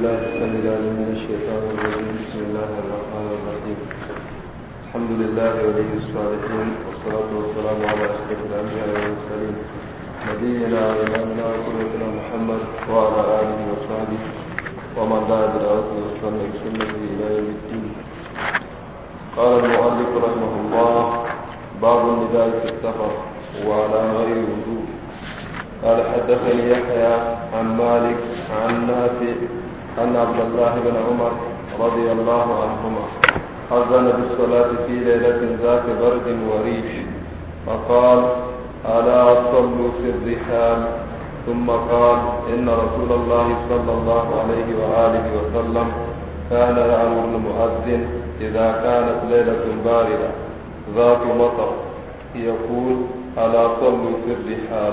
الله السميع العليم من الشيطان الرجيم بسم الله الرحمن الرحيم الحمد لله ولي الصالحين والصلاة والسلام على أشرف الأنبياء والمرسلين نبينا وإمامنا وقدوتنا محمد وعلى آله وصحبه ومن دعا بدعوته وسلم بسنته إلى يوم الدين قال المؤلف رحمه الله باب النداء في السفر وعلى غير وجود قال حدثني يحيى عن مالك عن نافع أن عبد الله بن عمر رضي الله عنهما أذن بالصلاة في ليلة ذات برد وريح فقال ألا صلوا في الرحال ثم قال إن رسول الله صلى الله عليه وآله وسلم كان يأمر المؤذن إذا كانت ليلة باردة ذات مطر يقول ألا صلوا في الرحال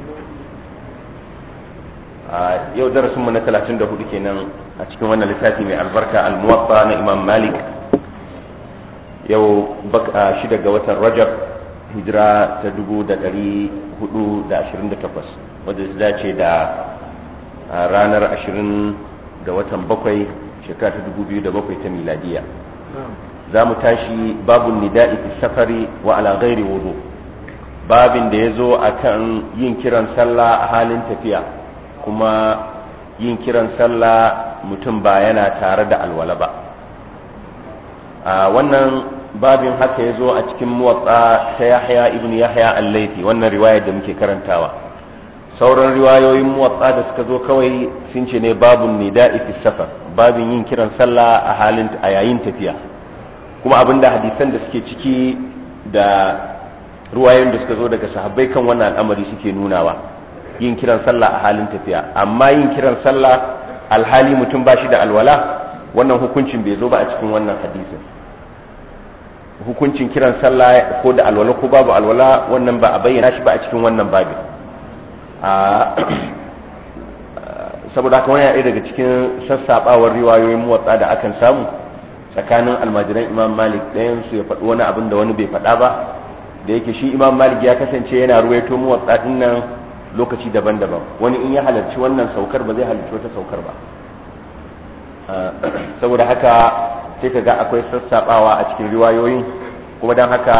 yau darasin mu na 34 kenan a cikin wannan littafi mai albarka al-muwatta na Imam Malik yau baka shida ga watan Rajab hijira ta 428 wadda su dace da ranar 20 ga watan bakwai shekara ta 2007 ta miladiya za mu tashi babun nida'i fi safari wa ala ghairi wudu babin da ya zo akan yin kiran sallah a halin tafiya kuma yin kiran sallah mutum ba yana tare da alwala ba a wannan babin haka ya zo a cikin muwatsa ta yahya ibn yahya al-laifi wannan riwaya da muke karantawa sauran riwayoyin muwatsa da suka zo kawai sun ce ne babun nida'i fi safar babin yin kiran sallah a halin a yayin tafiya kuma abinda hadisan da suke ciki da ruwayoyin da suka zo daga sahabbai kan wannan al'amari suke nunawa yin kiran sallah a halin tafiya amma yin kiran sallah alhali mutum ba shi da alwala wannan hukuncin bai zo ba a cikin wannan hadisin hukuncin kiran sallah ko da alwala ko babu alwala wannan ba a bayyana shi ba a cikin wannan babin saboda haka wani ɗaya daga cikin sassaɓawar riwayoyin muwatsa da akan samu tsakanin almajiran imam malik ɗayan su ya faɗi wani abin da wani bai faɗa ba da yake shi imam malik ya kasance yana ruwaito muwatsa ɗin nan lokaci daban-daban wani in ya halarci wannan saukar ba zai halarci wata saukar ba ah, saboda haka sai ka ga akwai sassabawa a cikin riwayoyi kuma don haka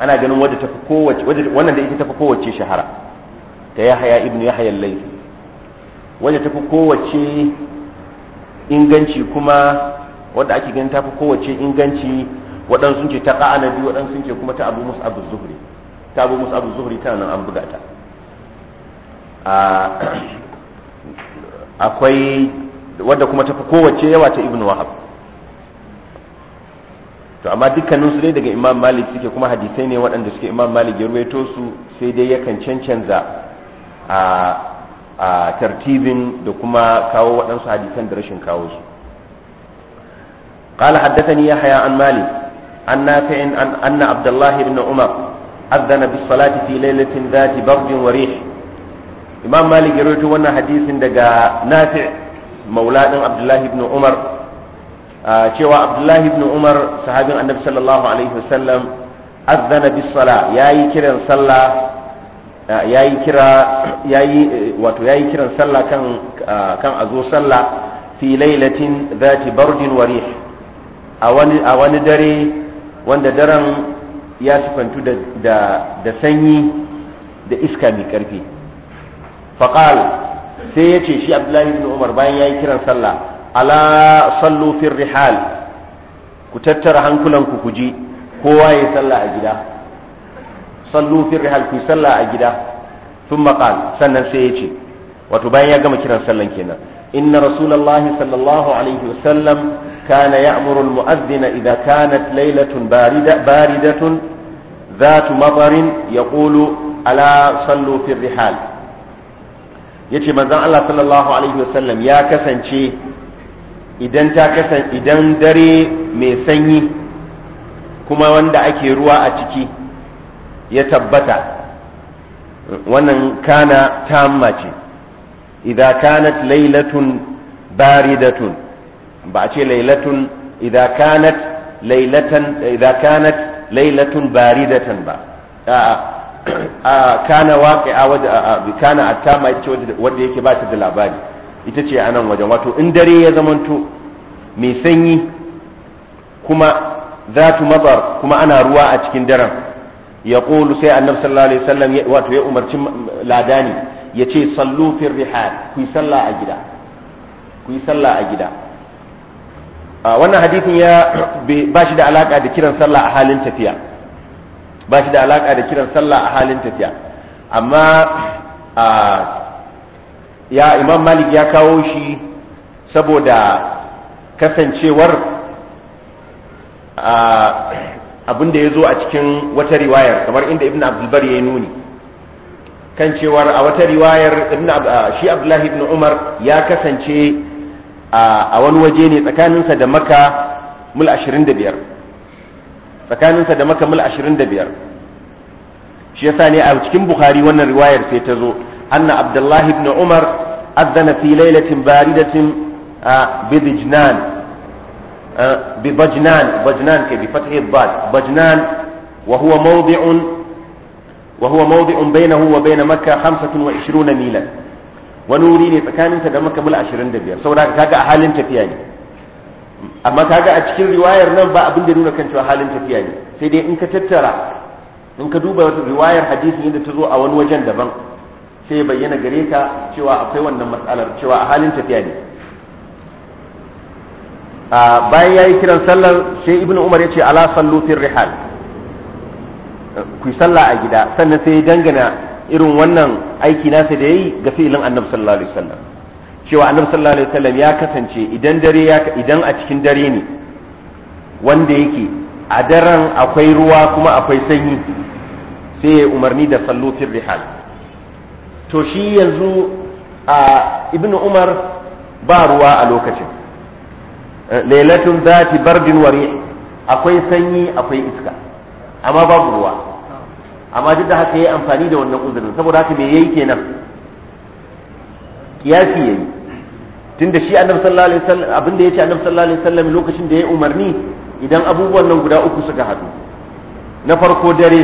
ana ganin wadda tafi kowace wannan da ita tafi kowace shahara ta yahaya ibn ya al laifi wadda tafi kowace inganci kuma wadda ake ganin tafi kowace inganci waɗansu ce ta ƙa'anabi waɗansu ce kuma ta abu musu abu zuhri ta abu musu abu zuhri tana nan an buga ta akwai wadda kuma tafi kowace yawa ta ibn wahab to amma dukkanin su dai daga imam malik suke kuma hadisai ne waɗanda suke imam malik ya ruwaito su sai dai yakan cancanza a a tartibin da kuma kawo waɗansu hadisan da rashin kawo su قال حدثني يحيى عن مالك عن نافع أن عبد الله بن عمر أذن بالصلاة في ليلة ذات برد وريح imam malik ya rawaito wannan hadisin daga nafi maula din abdullahi ibn umar cewa abdullahi ibn umar sahabin annabi sallallahu alaihi wasallam azzana bis sala yayi kiran sallah yayi kira yayi wato yayi kiran sallah kan kan azo sallah fi lailatin zati bardin wa rih a wani dare wanda daren ya sifantu da da sanyi da iska mai karfi faƙal sai yace shi abdullahi bin umar bayan yayi kiran sallah ala sallu fil ku tattara hankulanku ku ji kowa ya sallah a gida sallu fil rihal sallah a gida thumma sannan sai yace wato bayan ya gama kiran sallan kenan inna rasulullahi sallallahu alaihi wasallam كان يأمر المؤذن إذا كانت ليلة باردة, باردة ذات مطر يقول ألا صلوا في الرحال yace manzon Allah sallallahu alaihi wasallam ya kasance idan ta kasance idan dare mai sanyi kuma wanda ake ruwa a ciki ya tabbata wannan kana tamma ce idan kanat lailatun baridatun ba a ce lailatun idan kanat lailatan idza kanat lailatun baridatan ba a'a kana a a wadda kana attama ce wadda yake ba ta da labari ita ce anan wajen wato in dare ya zamanto mai sanyi kuma tu mabar kuma ana ruwa a cikin daren ya qulu sai annabi sallallahu alaihi wasallam wato ya umarci ladani yace sallu fil rihal ku yi sallah a gida ku yi sallah a gida wannan hadithin ya ba shi da alaka da kiran sallah a halin tafiya ba shi da alaka da kiran sallah a halin tafiya amma a ya imam malik ya kawo shi saboda kasancewar abin da ya zo a cikin wata riwayar kamar inda ibn abdulbar ya nuni kan cewar a wata riwayar shi abdullahi ibn umar ya kasance a wani waje ne tsakaninsa da maka mul 25 tsakaninsa da maka 25 shi yasa ne a cikin bukhari wannan riwayar sai ta zo anna abdullahi ibn umar adana fi lailatin baridatin bi dijnan bi bajnan bajnan ke bi fathi bad bajnan wa huwa mawdi'un wa huwa mawdi'un bainahu wa bain makkah 25 milan wani wuri ne tsakaninsa da maka 25 saboda kaga a halin tafiya ne amma kaga a cikin riwayar nan ba abin da nuna kan cewa halin tafiya ne sai dai in ka tattara in ka duba wata riwayar hadisi yadda ta zo a wani wajen daban sai ya bayyana gare ka cewa akwai wannan matsalar cewa a halin tafiya ne bayan yayi kiran sallar sai ibnu umar ya ce ala sallu fil rihal ku salla sallah a gida sannan sai ya dangana irin wannan aiki nasa da yayi ga fi'ilin annabi sallallahu alaihi wasallam cewa annabi sallallahu alaihi wasallam ya kasance idan dare ya idan a cikin dare ne wanda yake a daren akwai ruwa kuma akwai sanyi sai ya umarni da sallu fil rihal to shi yanzu a ibnu umar ba ruwa a lokacin eh, lailatun zati bardin wari akwai sanyi akwai iska amma babu ruwa amma duk da haka yayi amfani da wannan uzurin saboda haka me yayi kenan kiyasi yayi tunda shi annabi sallallahu alaihi wasallam abin da yace annabi sallallahu alaihi wasallam lokacin da ya umarni idan abubuwan nan guda uku suka hadu na farko dare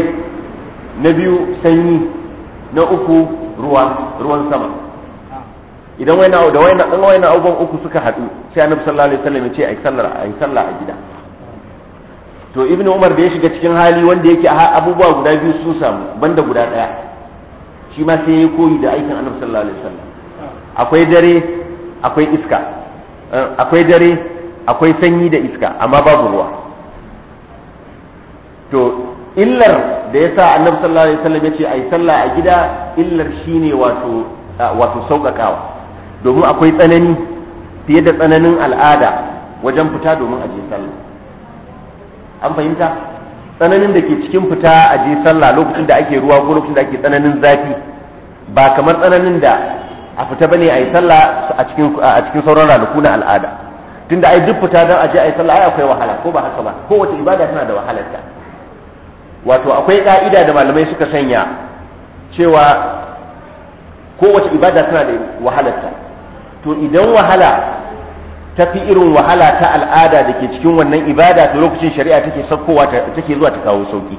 na biyu sanyi na uku ruwa ruwan sama idan waina da wayna dan wayna abubuwan uku suka hadu sai annabi sallallahu alaihi wasallam yace ai sallar ai sallah a gida to ibnu umar da ya shiga cikin hali wanda yake abubuwa guda biyu sun samu banda guda daya shi ma sai ya koyi da aikin annabi sallallahu alaihi wasallam akwai dare akwai iska eh, akwai dare akwai sanyi da iska amma babu ruwa to illar da yasa annabi sallallahu alaihi wasallam ce ai sallah a gida illar shine wato wato sauƙaƙawa domin akwai tsanani fiye da tsananin al'ada wajen fita domin aje sallah an fahimta tsananin da ke cikin fita aje sallah lokacin da ake ruwa ko lokacin da ake tsananin zafi ba kamar tsananin da a fita bane ayi sallah a cikin a cikin sauran ranaku na al'ada tunda ai duk fita dan aje ayi sallah ai akwai wahala ko ba haka ba ko wata ibada tana da wahalarta wato akwai ka'ida da malamai suka sanya cewa ko wata ibada tana da wahalarta to idan wahala ta fi irin wahala ta al'ada da ke cikin wannan ibada to lokacin shari'a take saukowa take zuwa ta kawo sauki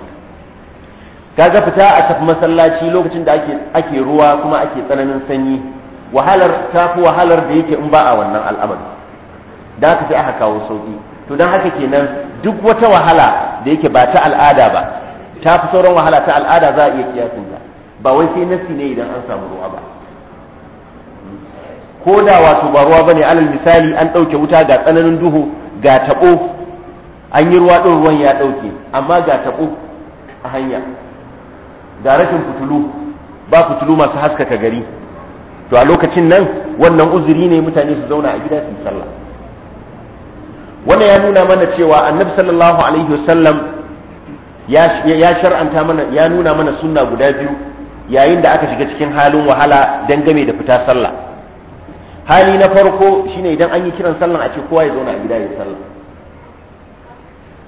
kaga fita a tafi masallaci lokacin da ake ake ruwa kuma ake tsananin sanyi wahalar ta fi wahalar da yake in ba a wannan al'amari da haka sai aka kawo sauki to don haka kenan duk wata wahala da yake ba ta al'ada ba ta fi sauran wahala ta al'ada za a iya kiyasin ta ba wai sai nasi ne idan an samu ruwa ba ko da wato ba ruwa bane alal misali an ɗauke wuta ga tsananin duhu ga taɓo an yi ruwa ɗin ruwan ya ɗauke amma ga taɓo a hanya ga rashin fitulu ba fitulu masu haskaka gari to a lokacin nan wannan uzuri ne mutane su zauna a gida su sallah wannan ya nuna mana cewa annabi sallallahu alaihi wasallam ya shar'anta mana ya nuna mana sunna guda biyu yayin da aka shiga cikin halin wahala dangane da fita sallah hali na farko shine idan an yi kiran sallah a ce kowa ya zauna a gida ya sallah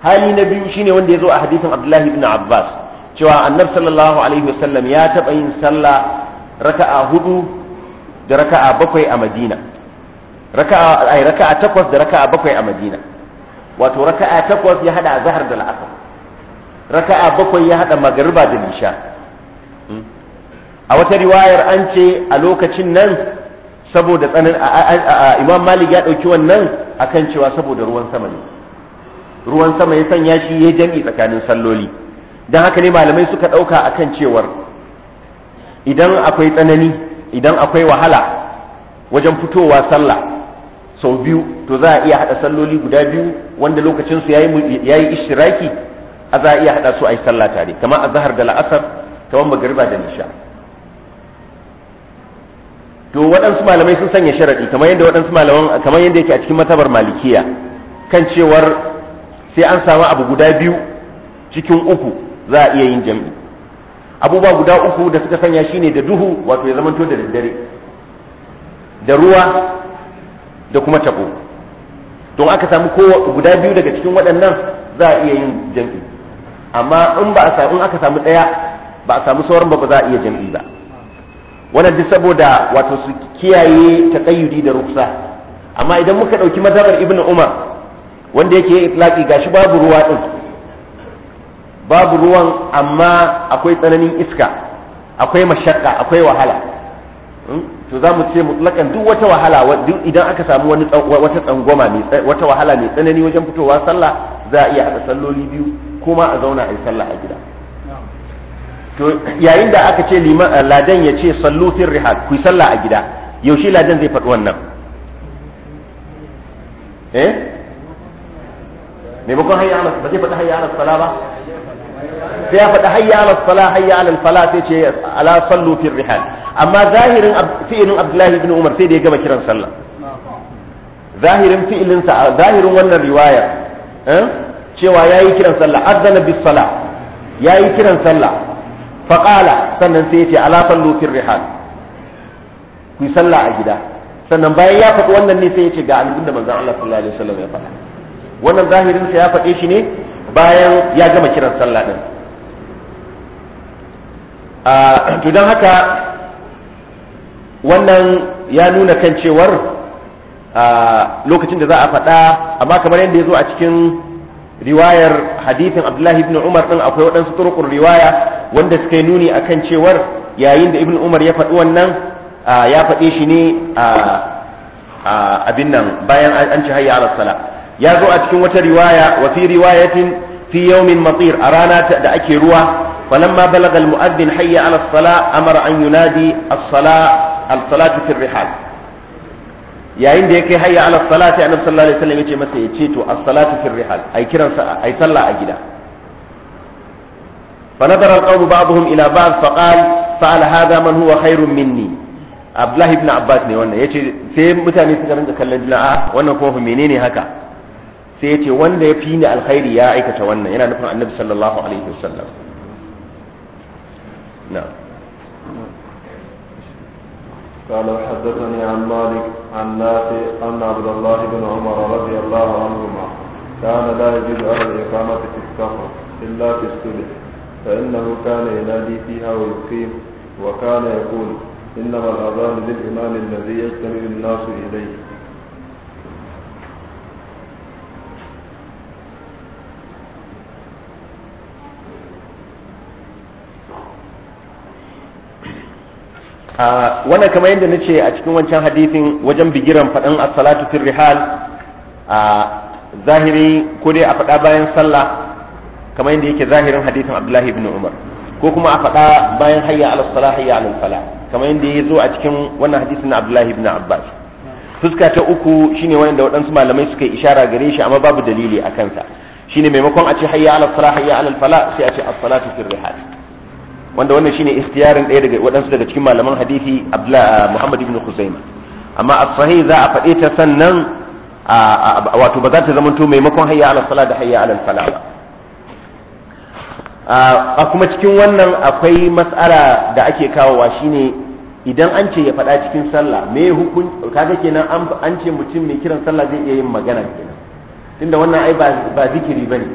hali na biyu shine wanda ya zo a hadisin abdullahi ibn abbas cewa annabi sallallahu alaihi wasallam ya taɓa yin sallah raka'a hudu da raka'a bakwai a madina raka'a ai raka'a takwas da raka'a bakwai a madina wato raka'a takwas ya hada zahar da al'asr raka'a bakwai ya hada magariba da isha hmm? a wata riwayar an ce a lokacin nan saboda tsanin imam malik ya dauki wannan akan cewa saboda ruwan sama ne ruwan sama ya sanya shi ya jami tsakanin salloli don haka ne malamai suka dauka akan cewar idan akwai tsanani idan akwai wahala wajen fitowa sallah sau biyu to za a iya hada salloli guda biyu wanda lokacin su yayi ishtiraki a za a iya hada su a yi sallah tare kamar azhar da la'asar kamar magriba da nisha to waɗansu malamai sun sanya sharaɗi kamar yadda waɗansu malaman kamar yadda yake a cikin matabar malikiya kan cewar sai an samu abu guda biyu cikin uku za a iya yin jam'i abubuwa guda uku da suka sanya shine da duhu wato ya zamanto da daddare da ruwa da kuma tabo don aka samu ko guda biyu daga cikin waɗannan za a iya yin jam'i amma in ba a in aka samu ɗaya ba a samu sauran ba ba za a iya jam'i ba wannan duk saboda wato su kiyaye taqayyudi da ruksa amma idan muka ɗauki mazhabar ibnu umar wanda yake itlaqi gashi babu ruwa din babu ruwan amma akwai tsananin iska akwai mashakka akwai wahala hmm? to za mu ce mutlakan duk wata wahala idan aka samu wani wata tsangwama wata wahala mai tsanani wajen fitowa sallah za a iya haɗa salloli biyu kuma a zauna a yi sallah a gida to yayin da aka ce eh, ladan ya ce sallu fil rihal ku sallah a gida yaushe ladan zai faɗi wannan eh maimakon hayya ba zai faɗi hayya ala sala ba sai ya faɗi hayya ala sala hayya ala fala sai ce ala sallu fil rihal amma zahirin fi'ilin abdullahi ibn umar sai da ya gama kiran sallah zahirin fi'ilinsa zahirin wannan riwaya eh, cewa yayi kiran sallah azana bis sala yayi kiran sallah faqala sannan sai ya ce ala sallu fil rihal ku sallah a gida sannan bayan ya faɗi wannan ne sai ya ce ga abin da manzon Allah sallallahu alaihi wasallam ya faɗa wannan zahirin sa ya faɗe shi ne bayan ya gama kiran sallah din to don haka wannan ya nuna kan cewar lokacin da za a faɗa amma kamar yadda ya zo a cikin riwayar hadithin abdullahi ibn umar din akwai waɗansu turukun riwaya wanda suka yi nuni akan cewar yayin da ibn umar ya faɗi wannan ya faɗe shi ne a abin nan bayan an ci hayya ala sala ya zo a cikin wata riwaya wa fi riwayatin fi yawmin matir a rana da ake ruwa falamma balaga almu'adhdhin hayya ala as-sala amara an yunadi as-sala as-salatu fi rihal yayin da yake hayya ala as sai annabi sallallahu alaihi wasallam yace masa yace to as-salatu fi rihal ai kiran sa ai sallah a gida فنظر القوم بعضهم الى بعض فقال فعل هذا من هو خير مني Abdullahi ibn Abbas ne wannan yace sai mutane suka rinka kallon juna a ah, wannan kuma menene haka sai ya ce wanda ya fi ni alkhairi ya aikata wannan yana nufin annabi sallallahu alaihi wasallam na'am قال حدثني عن مالك عن نافع أن عبد الله بن عمر رضي الله عنهما كان لا يجوز على الإقامة في السفر إلا في السلح فإنه كان ينادي فيها ويقيم وكان يقول إنما الأذان للإمام الذي يجتمع الناس إليه wannan kamar yadda na ce a cikin wancan hadithin wajen bigiran faɗin as-salatu fil rihal zahiri ko dai a faɗa bayan sallah kamar yadda yake zahirin hadithin Abdullahi ibn Umar ko kuma a faɗa bayan hayya ala salah hayya ala falah kamar yadda ya zo a cikin wannan hadithin na Abdullahi ibn Abbas fuska ta uku shine da waɗansu malamai suka ishara gare shi amma babu dalili a kansa shine maimakon a ce hayya ala salah hayya ala falah sai a ce as-salatu fil rihal wanda wannan shine ikhtiyarin ɗaya daga waɗansu daga cikin malaman hadisi ah, Muhammad ibn Khuzaima amma as-sahih za a faɗe ta sannan wato ba za ta zamanto maimakon hayya ala salat da hayya ala salat ba a kuma cikin wannan akwai matsala da ake kawowa shine idan an ce ya faɗa cikin sallah me hukunci kaga kenan an ce mutum mai kiran sallah zai iya yin magana kenan tunda wannan ai ba zikiri bane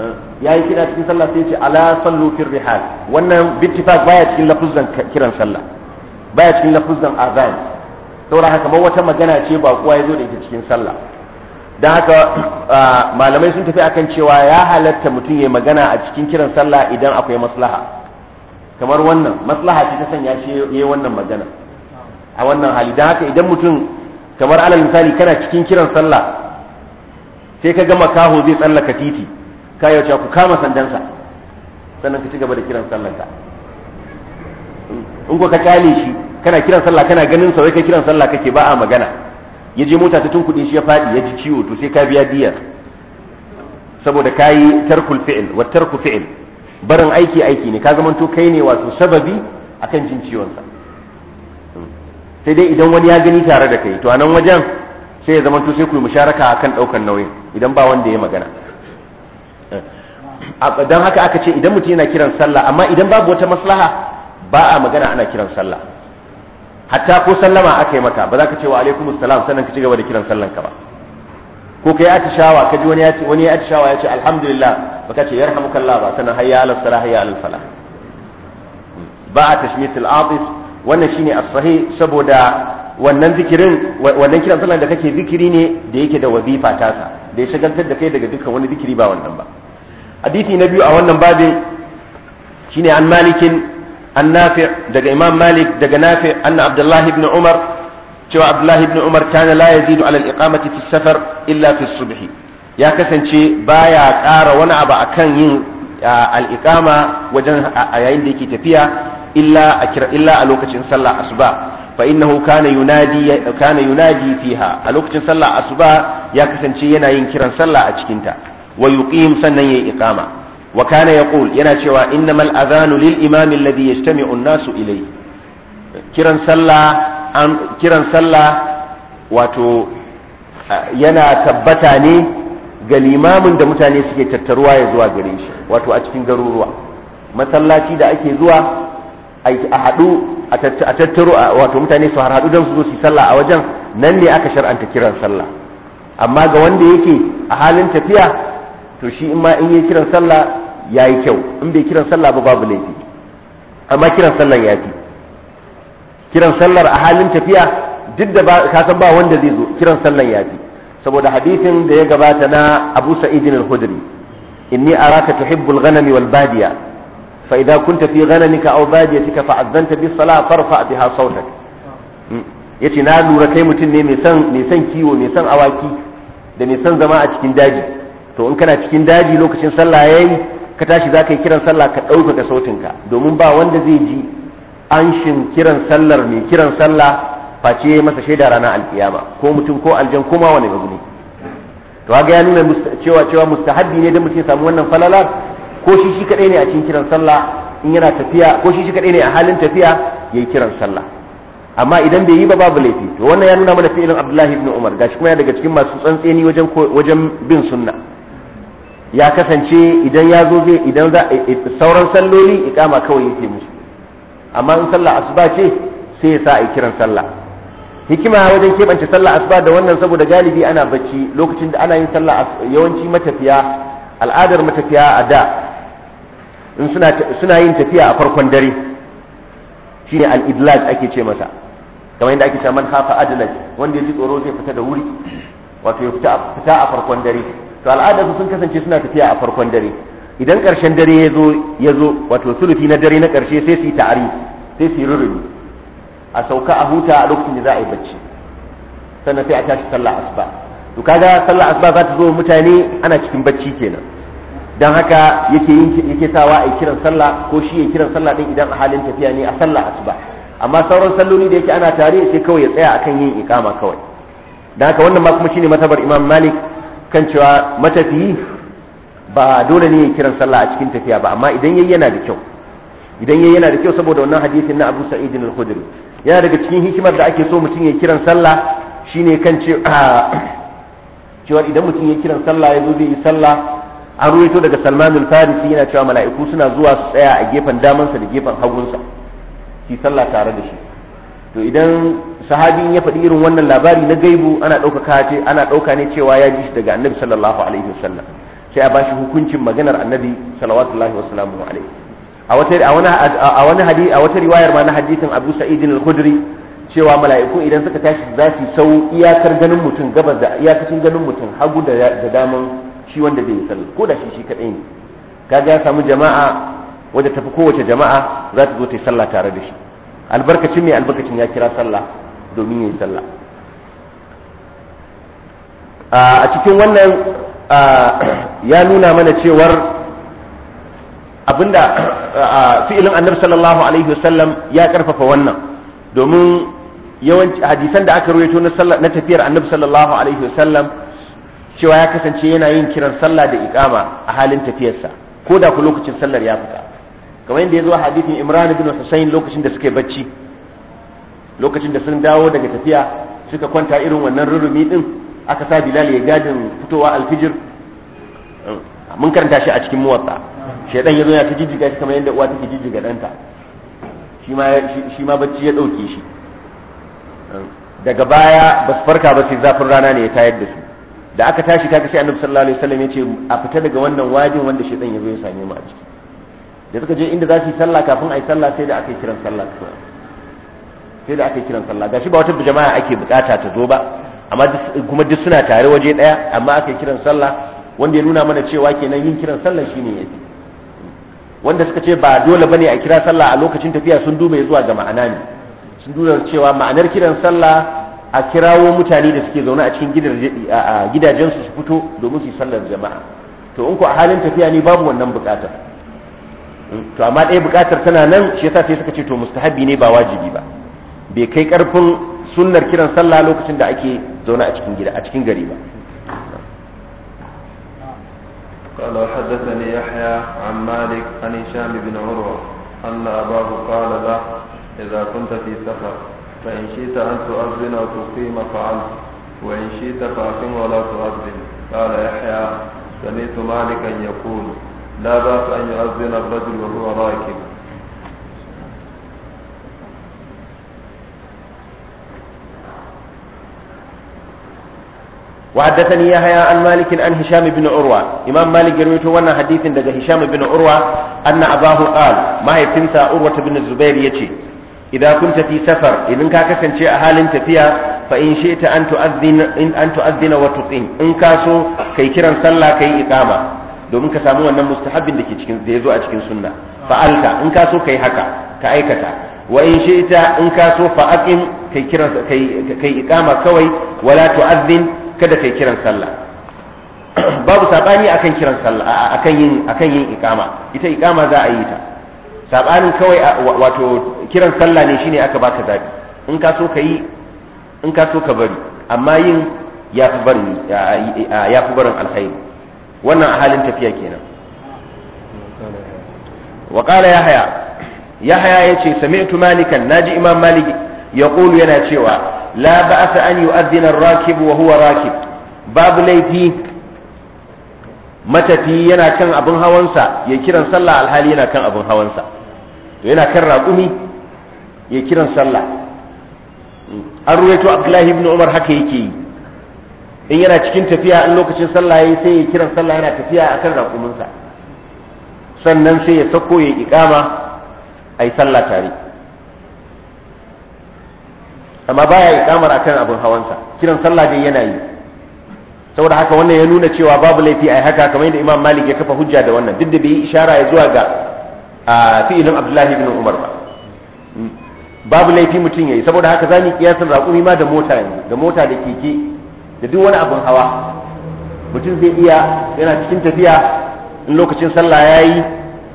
eh, ya yi kira cikin sallah sai ce ala sallu fil rihal wannan bittifaq baya cikin lafuzan kiran sallah baya cikin lafuzan azan saboda haka kamar wata magana ce ba kowa ya zo da ita cikin sallah dan haka ah, malamai sun tafi akan cewa ya halatta mutum ya magana a cikin kiran sallah idan akwai maslaha kamar wannan maslaha ce ta sanya shi yayi wannan magana a wannan hali dan haka idan mutum kamar alal misali kana cikin kiran sallah sai ka gama kaho zai tsallaka titi ka yau ku kama sandansa sannan ka ci gaba da kiran sallanka in ko ka kyale shi kana kiran sallah kana ganin sa wai kai kiran sallah kake ba a magana ya je mota ta tunkuɗe shi ya faɗi ya ji ciwo to sai ka biya diyar saboda ka yi tarkul fi'il wa tarku fi'il barin aiki aiki ne ka zamanto kai ne wato sababi akan jin ciwon sa sai dai idan wani ya gani tare da kai to a nan wajen sai ya zama to sai ku yi musharaka akan ɗaukar nauyin idan ba wanda ya magana don haka aka ce idan mutum yana kiran sallah amma idan babu wata maslaha ba a magana ana kiran sallah hatta ko sallama aka yi maka ba za ka ce wa alaikum salam sannan ka ci gaba da kiran sallan ka ba ko kai atishawa ka ji wani ya ce wani ya atishawa ya ce alhamdulillah ba ka ce yarhamukallah ba sannan hayya ala salah hayya ala falah ba a tashmitul atif wannan shine as-sahih saboda wannan zikirin wannan kiran sallan da kake zikiri ne da yake da wazifa ta tasa da ya shagaltar da kai daga dukkan wani zikiri ba wannan ba hadisi na biyu a wannan babin shine an malikin an nafi daga imam malik daga nafi anna abdullahi ibn umar cewa abdullahi ibn umar kana la yazidu ala al-iqamati fi safar illa fi subh ya kasance baya kara wani abu a kan yin al-iqama wajen a yayin da yake tafiya illa a illa a lokacin sallah asuba فإنه كان ينادي كان ينادي فيها a lokacin sallah asuba ya kasance yana yin kiran sallah a cikinta wa yuqim sannan yayi iqama wa kana yaqul yana cewa innamal adhanu lil imam alladhi yajtami'u an-nasu ilayhi kiran sallah an kiran sallah wato yana tabbata ne ga limamin da mutane suke tattaruwa ya zuwa gare shi wato a cikin garuruwa masallaci da ake zuwa a haɗu a tattaru wato mutane su haɗu don su zo su sallah a wajen nan ne aka shar'anta kiran sallah amma ga wanda yake a halin tafiya to shi in ma in yi kiran sallah ya yi kyau in bai kiran sallah ba babu laifi amma kiran sallah ya fi kiran sallar a halin tafiya duk da ka san ba wanda zai zo kiran sallah ya fi saboda hadisin da ya gabata na abu sa'idin al-hudri inni araka tuhibbul ghanami wal badiya fa idza kunta fi ghanamika aw badiyatika fa'azzanta bis salah farfa biha sawtak hmm. yace na lura kai mutum ne mai mai son kiwo mai son awaki da mai son zama a cikin daji to in kana cikin daji lokacin sallah yayi ka tashi zakayi yi kiran sallah ka ɗaukaka ka domin ba wanda zai ji anshin kiran sallar mai kiran sallah face masa shaida ranar alkiyama ko mutum ko aljan kuma wani gabu ne to ga ya nuna cewa cewa mustahabbi ne da mutum samu wannan falalar ko shi shi kadai ne a cikin kiran sallah in yana tafiya ko shi shi kadai ne a halin tafiya yayi kiran sallah amma idan bai yi ba babu laifi to wannan ya nuna mana fi'ilin Abdullahi ibn Umar gashi kuma ya daga cikin masu tsantseni wajen wajen bin sunna ya kasance idan ya zo zai idan za sauran salloli ikama kawai yake musu amma in sallah asuba ce sai ya sa a kiran sallah hikima wajen keɓance sallah asuba da wannan saboda galibi ana bacci lokacin da ana yin sallah yawanci matafiya al'adar matafiya a da in suna yin tafiya a farkon dare shine al-idlaj ake ce masa kamar yadda ake cewa man hafa adlaj wanda ya ji tsoro zai fita da wuri wato ya fita a farkon dare to al'ada sun kasance suna tafiya a farkon dare idan ƙarshen dare ya zo ya zo wato sulufi na dare na ƙarshe sai su yi ta'ari sai su yi rurumi a sauka a huta a lokacin da za a yi bacci sannan sai a tashi sallah asuba to kaga sallah asuba za ta zo mutane ana cikin bacci kenan dan haka yake yake sawa a kiran sallah ko shi ya kiran sallah din idan a halin tafiya ne a sallah asuba amma sauran salloli da yake ana tare sai kawai ya tsaya akan yin iqama kawai dan haka wannan ma kuma shine matabar imam malik kan cewa matafiyi ba dole ne ya kiran sallah a cikin tafiya ba amma idan yayi yana da kyau idan yayi yana da kyau saboda wannan hadisin na Abu Sa'id al-Khudri yana daga cikin hikimar da ake so mutum ya kiran sallah shine kan ah, cewa idan mutum ya kiran sallah ya zo zai yi sallah an ruwaito daga Salman al-Farisi yana cewa mala'iku suna zuwa su tsaya a gefen damansa da gefen hagunsa ki sallah tare da shi to idan sahabin ya faɗi irin wannan labari na gaibu ana ɗauka ana ɗauka ne cewa ya ji shi daga annabi sallallahu alaihi wasallam sai a bashi hukuncin maganar annabi sallallahu alaihi a wata a wani a wani hadisi a wata riwayar ma na hadisin Abu Sa'id al-Khudri cewa mala'iku idan suka tashi za su sau iyakar ganin mutum gabas da iyakacin ganin mutum hagu da daman shi wanda zai ko da shi shi kadai ne kaga ya samu jama'a wanda tafi kowace jama'a za ta zo ta yi sallah tare da shi albarkacin ne albarkacin ya kira sallah domin ya yi sallah a cikin wannan ya nuna mana cewar abinda fi'ilin annabi sallallahu alaihi wasallam ya karfafa wannan domin yawanci hadisan da aka rawaito na tafiyar annabi sallallahu alaihi wasallam cewa ya kasance yana yin kiran sallah da iqama a halin tafiyarsa ko da ku lokacin sallar ya fita kamar yadda ya zo hadisin Imran ibn Husayn lokacin da suke bacci lokacin da sun dawo daga tafiya suka kwanta irin wannan rurumi din aka sa bilal ya gadin fitowa alfijir eh, mun karanta shi a cikin muwatta shaidan ya zo ya ta jijjiga shi kamar yadda uwa take jijjiga danta shi ma bacci ya dauke shi eh, daga baya ba su farka ba sai zafin rana ne ya tayar da su da aka tashi kaga sai annabi sallallahu alaihi wasallam ya ce a fita daga wannan wajin wanda shaidan ya zo ya same mu a ciki da suka je inda za su yi sallah kafin a yi sallah sai da aka yi kiran sallah kafin sai da aka kiran sallah gashi ba wata jama'a ake bukata ta zo ba amma kuma duk suna tare waje daya amma aka kiran sallah wanda ya nuna mana cewa kenan yin kiran sallah shine yafi wanda suka ce ba dole bane a kira sallah a lokacin tafiya sun duba zuwa ga ma'ana ne sun duba cewa ma'anar kiran sallah a kirawo mutane da suke zaune a cikin gidajen su su fito domin su sallar jama'a to in ko a halin tafiya ne babu wannan bukatar hmm, to amma ɗaya bukatar tana nan shi yasa sai suka ce to mustahabi ne ba wajibi ba bai kai karfin sunnar kiran sallah lokacin da ake zauna a cikin gida a cikin gari ba قال وحدثني يحيى عن مالك عن هشام بن عروة أن أباه قال له إذا كنت في سفر فإن شئت أن تؤذن أو فعلت وإن شئت فأقم ولا تؤذن قال يحيى سمعت مالكا يقول لا بأس أن يؤذن الرجل وهو راكب وحدثني يحيى عن مالك عن هشام بن عروة إمام مالك يرويته وانا حديث دقى هشام بن عروة أن أباه قال ما يتنسى عروة بن الزبير يتي إذا كنت في سفر إذن كاكسن شيء أهال تفيا فإن شئت أن تؤذن, أن تؤذن وتقيم إن كاسو كي كرا صلى كي إقامة domin ka samu wannan mustahabbin da ke cikin da ya zo a cikin sunna fa'alta in ka so kai haka ka aikata wa in shi'ta in ka so fa aqim kai kiran kai kai iqama kawai wala tu'adhdhin kada kai kiran sallah babu sabani akan kiran sallah akan yin akan yin ikama ita ikama za a yi ta sabanin kawai wato kiran sallah ne shine aka baka zabi in ka so ka yi in ka so ka bari amma yin ya fi barin ya barin alkhairi wannan a halin tafiya kenan wa qala yahya yahya yace sami'tu malikan naji imam malik yaqulu yana cewa la ba'asa an yu'adhdhina ar-rakib wa huwa rakib babu laifi matafi yana kan abin hawansa ya kiran sallah alhali yana kan abin hawansa to yana kan raƙumi ya kiran sallah an ruwaito abdullahi ibn umar haka yake yi in yana cikin tafiya in lokacin sallah yayi sai ya kiran sallah yana tafiya akan raƙuminsa sannan sai ya sauko ya iƙama ai sallah tare amma baya ikamar akan abin hawansa kiran sallah dai yana yi saboda haka wannan ya nuna cewa babu laifi ai haka kamar yadda Imam Malik ya kafa hujja da wannan duk da bai ishara ya zuwa ga fi'ilin Abdullahi ibn Umar ba babu laifi mutum yayi saboda haka zamu kiyasan raƙumi ma da mota yanzu da mota da keke da duk wani abin hawa mutum zai iya yana cikin tafiya in lokacin sallah yayi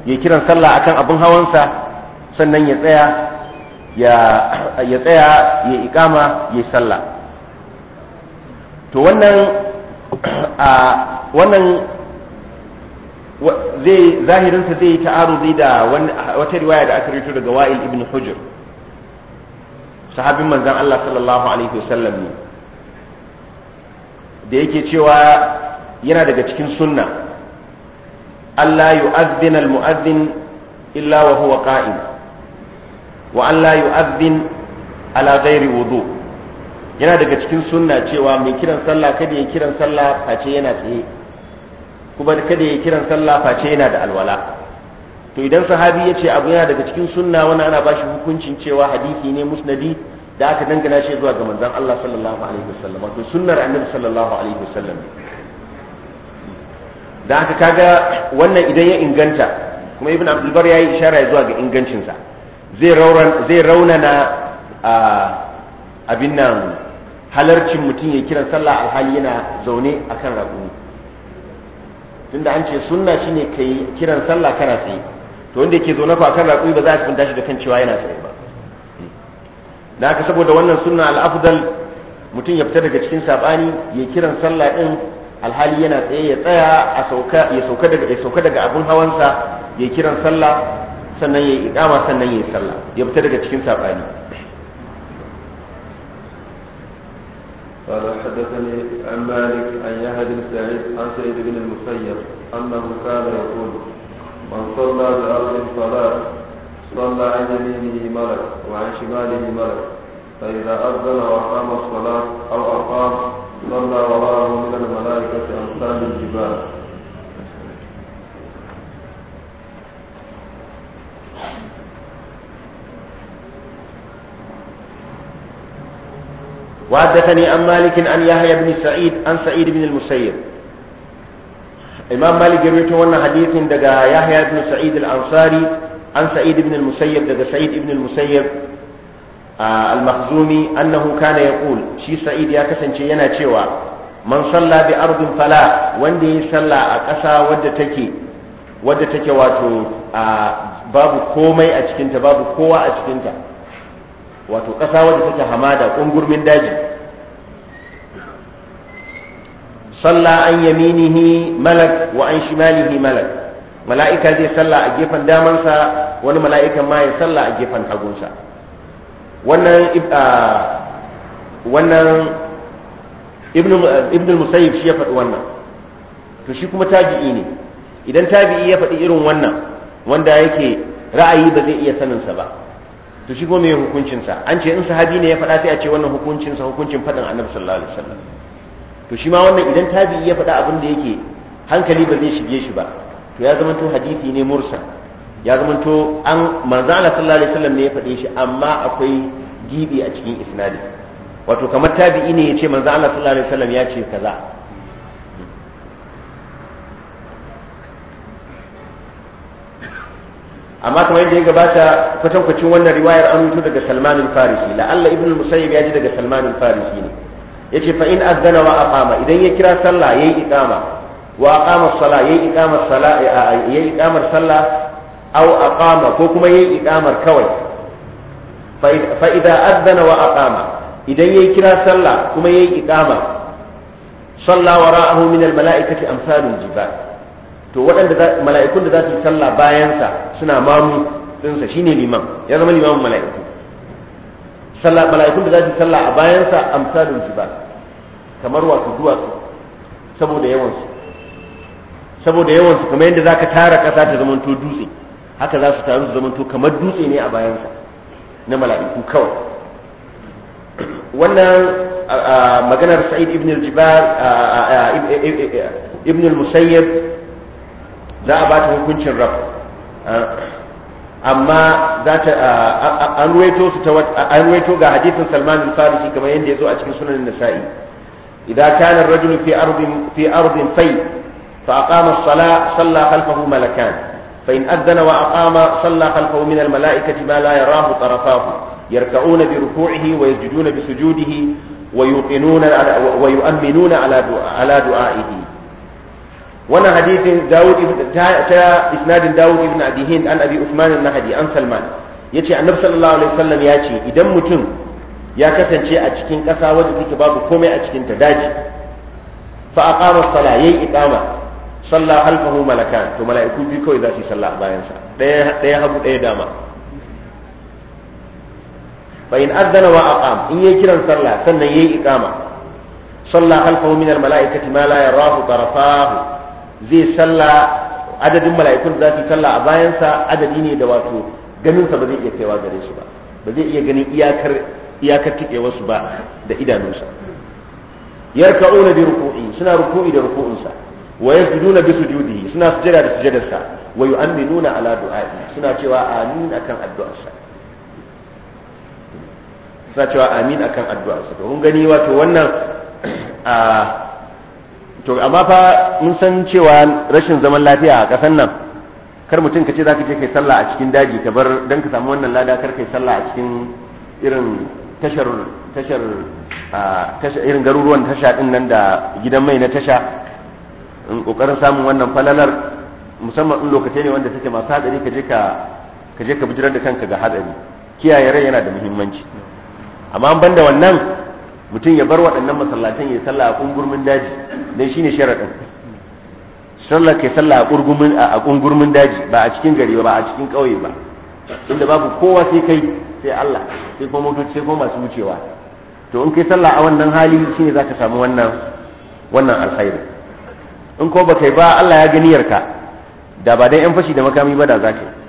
ya kiran sallah akan abin hawansa sannan ya tsaya ya tsaya ya ikama ya sallah to wannan a wannan zai zahirinsa zai yi ta'arudi da wata riwaya da aka rito daga wa'il ibn hujr sahabin manzan Allah sallallahu alaihi wasallam ne da yake cewa yana daga cikin sunna Allah yu'adhdhina al-mu'adhdhin illa wa huwa qa'im wa an la yu'adhdhin ala ghairi wudu yana daga cikin sunna cewa mai kiran sallah kada ya kiran sallah face yana tsaye kuma kada ya kiran sallah face yana da alwala to idan sahabi ya ce abu yana daga cikin sunna wani ana bashi hukuncin cewa hadisi ne musnadi da aka dangana shi zuwa ga manzon Allah sallallahu alaihi wasallam to sunnar annabi sallallahu alaihi wasallam da aka kaga wannan idan ya inganta kuma ibn abdul bar yayi ishara zuwa ga ingancinsa zai raunana abin nan halarcin mutum ya kiran sallah alhali yana zaune a kan raƙumi tunda an ce sunna shine ka yi kiran sallah kana tsaye to wanda yake zaune ko akan raƙumi ba za a tsinta shi da kan cewa yana tsaye ba da haka saboda wannan sunna al'afdal mutum ya fita daga cikin saɓani ya kiran sallah ɗin alhali yana tsaye ya tsaya a sauka ya sauka daga abin hawansa ya kiran sallah sannan ya yi ikama sannan ya yi sallah ya fita daga cikin saɓani قال حدثني عن مالك عن يحيى بن سعيد عن سعيد بن المسيب انه كان يقول من صلى بارض صلاه صلى عن يمينه ملك وعن شماله ملك فاذا اذن واقام الصلاه او اقام صلى وراءه من الملائكه امثال الجبال وحدثني عن مالك عن يحيى بن سعيد عن سعيد بن المسيب إمام مالك يرويته وانا حديث دقا يحيى بن سعيد الأنصاري عن سعيد بن المسيب دقا سعيد بن المسيب المخزومي أنه كان يقول شي سعيد يا كسن شينا تشيوا من صلى بأرض فلا وندي صلى أكسا ودتكي wadda واتو باب كومي babu باب كوى cikinta wato ƙasa wadda take hamada ƙungurmin daji sallah an yaminihi malak wa an shimalihi malak mala'ika zai sallah a gefen damansa wani mala'ikan ma ya sallah a gefen hagunsa wannan wannan ibn musayyib shi ya faɗi wannan to shi kuma tabi'i ne idan tabi'i ya faɗi irin wannan wanda yake ra'ayi ba zai iya saninsa ba to shi kuma me hukuncinsa an ce in sahabi ne ya faɗa sai a ce wannan hukuncinsa hukuncin faɗin annabi sallallahu alaihi wasallam to shi ma wannan idan tabi'i ya faɗa abin da yake hankali ba zai shige shi ba to ya zamanto hadisi ne mursa ya zamanto an manzo Allah sallallahu alaihi wasallam ne ya faɗe shi amma akwai gibi a cikin isnadi wato kamar tabi'i ne ya ce manzo Allah sallallahu alaihi wasallam ya ce kaza amma kamar yadda ya gabata kwatankwacin wannan riwayar an rubuto daga salmanin farisi la'alla Ibn al-Musayyib ya ji daga salmanin farisi ne yace fa in azana wa aqama idan ya kira sallah yayi iqama wa aqama as-sala yayi iqamar sala eh, ah, ah, yayi iqamar sallah aw aqama ko kuma yayi iqamar kawai fa idza azana wa aqama idan yayi kira sallah kuma yayi iqama salla wara'ahu min al-mala'ikati amsalul jibal to waɗanda mala'ikun da za su yi sallah bayansa suna mamu ɗinsa shi ne liman ya zama liman mala'iku sallah mala'ikun da za su yi sallah a bayansa amsalul ba kamar wato duwatsu saboda yawansu saboda yawansu kamar yadda za ka tara ƙasa ta to dutse haka za su taru su to kamar dutse ne a bayansa na mala'iku kawai wannan maganar sa'id ibn al-jibal ibn al-musayyib za a ta hukuncin rab amma za ta an waito su ta an ruwaito ga hadisin Salman al-Farisi kamar yadda ya zo a cikin sunan Nasa'i idan kana rajulu fi ardin fi ardin fay fa aqama as-salah salla khalfahu malakan fa in adana wa aqama salla khalfahu min al-mala'ikati ma la yarahu tarafahu yarka'una bi ruku'ihi wa yasjuduna bi sujudihi ويوقنون على ويؤمنون على على دعائه wannan hadithin Dawud ibn ta isnadin Dawud ibn Abi Hind an Abi Uthman an-Nahdi an Salman yace ya ce idan mutum ya kasance a cikin ƙasa wadda take babu komai a cikin ta daji fa aqama sala yayi iqama salla halfahu malakan to mala'iku biyu kawai za su sallah a bayan sa daya hagu daya dama fa in adzana wa aqam in yayi kiran sallah sannan yayi iqama salla halfahu min al zai salla adadin mala'ikun za su salla a bayansa adadi ne da wato ganinsa ba zai iya kaiwa gare su ba ba zai iya ganin iyakar iyakar su ba da idanunsa yarka'una bi ruku'i suna ruku'i da ruku'unsa wa yasjuduna bi sujudihi suna sujada da sujadarsa wa yu'minuna ala du'a'i suna cewa amin akan addu'arsa suna cewa amin akan addu'arsa to kun gani wato wannan a to amma fa mun san cewa rashin zaman lafiya a ƙasar nan kar mutum ka ce za ka je kai sallah a cikin daji ka bar don ka samu wannan lada kar kai sallah a cikin irin tashar tashar irin garuruwan tasha din nan da gidan mai na tasha in kokarin samun wannan falalar musamman in lokacin ne wanda take masu hadari ka je ka ka je ka bijirar da kanka ga hadari kiyaye rai yana da muhimmanci amma an banda wannan mutum ya bar waɗannan masallatan ya sallah a ƙungurmin daji dan shine sharaɗin sallar kai sallah a ƙungurmin a daji ba a cikin gari ba a cikin ƙauye ba inda babu kowa sai kai sai Allah sai kuma motoci sai kuma masu wucewa to in kai sallah a wannan hali shine zaka samu wannan wannan alkhairi in ko ba kai ba Allah ya ganiyarka da ba dai yan fashi da makami ba da zaka yi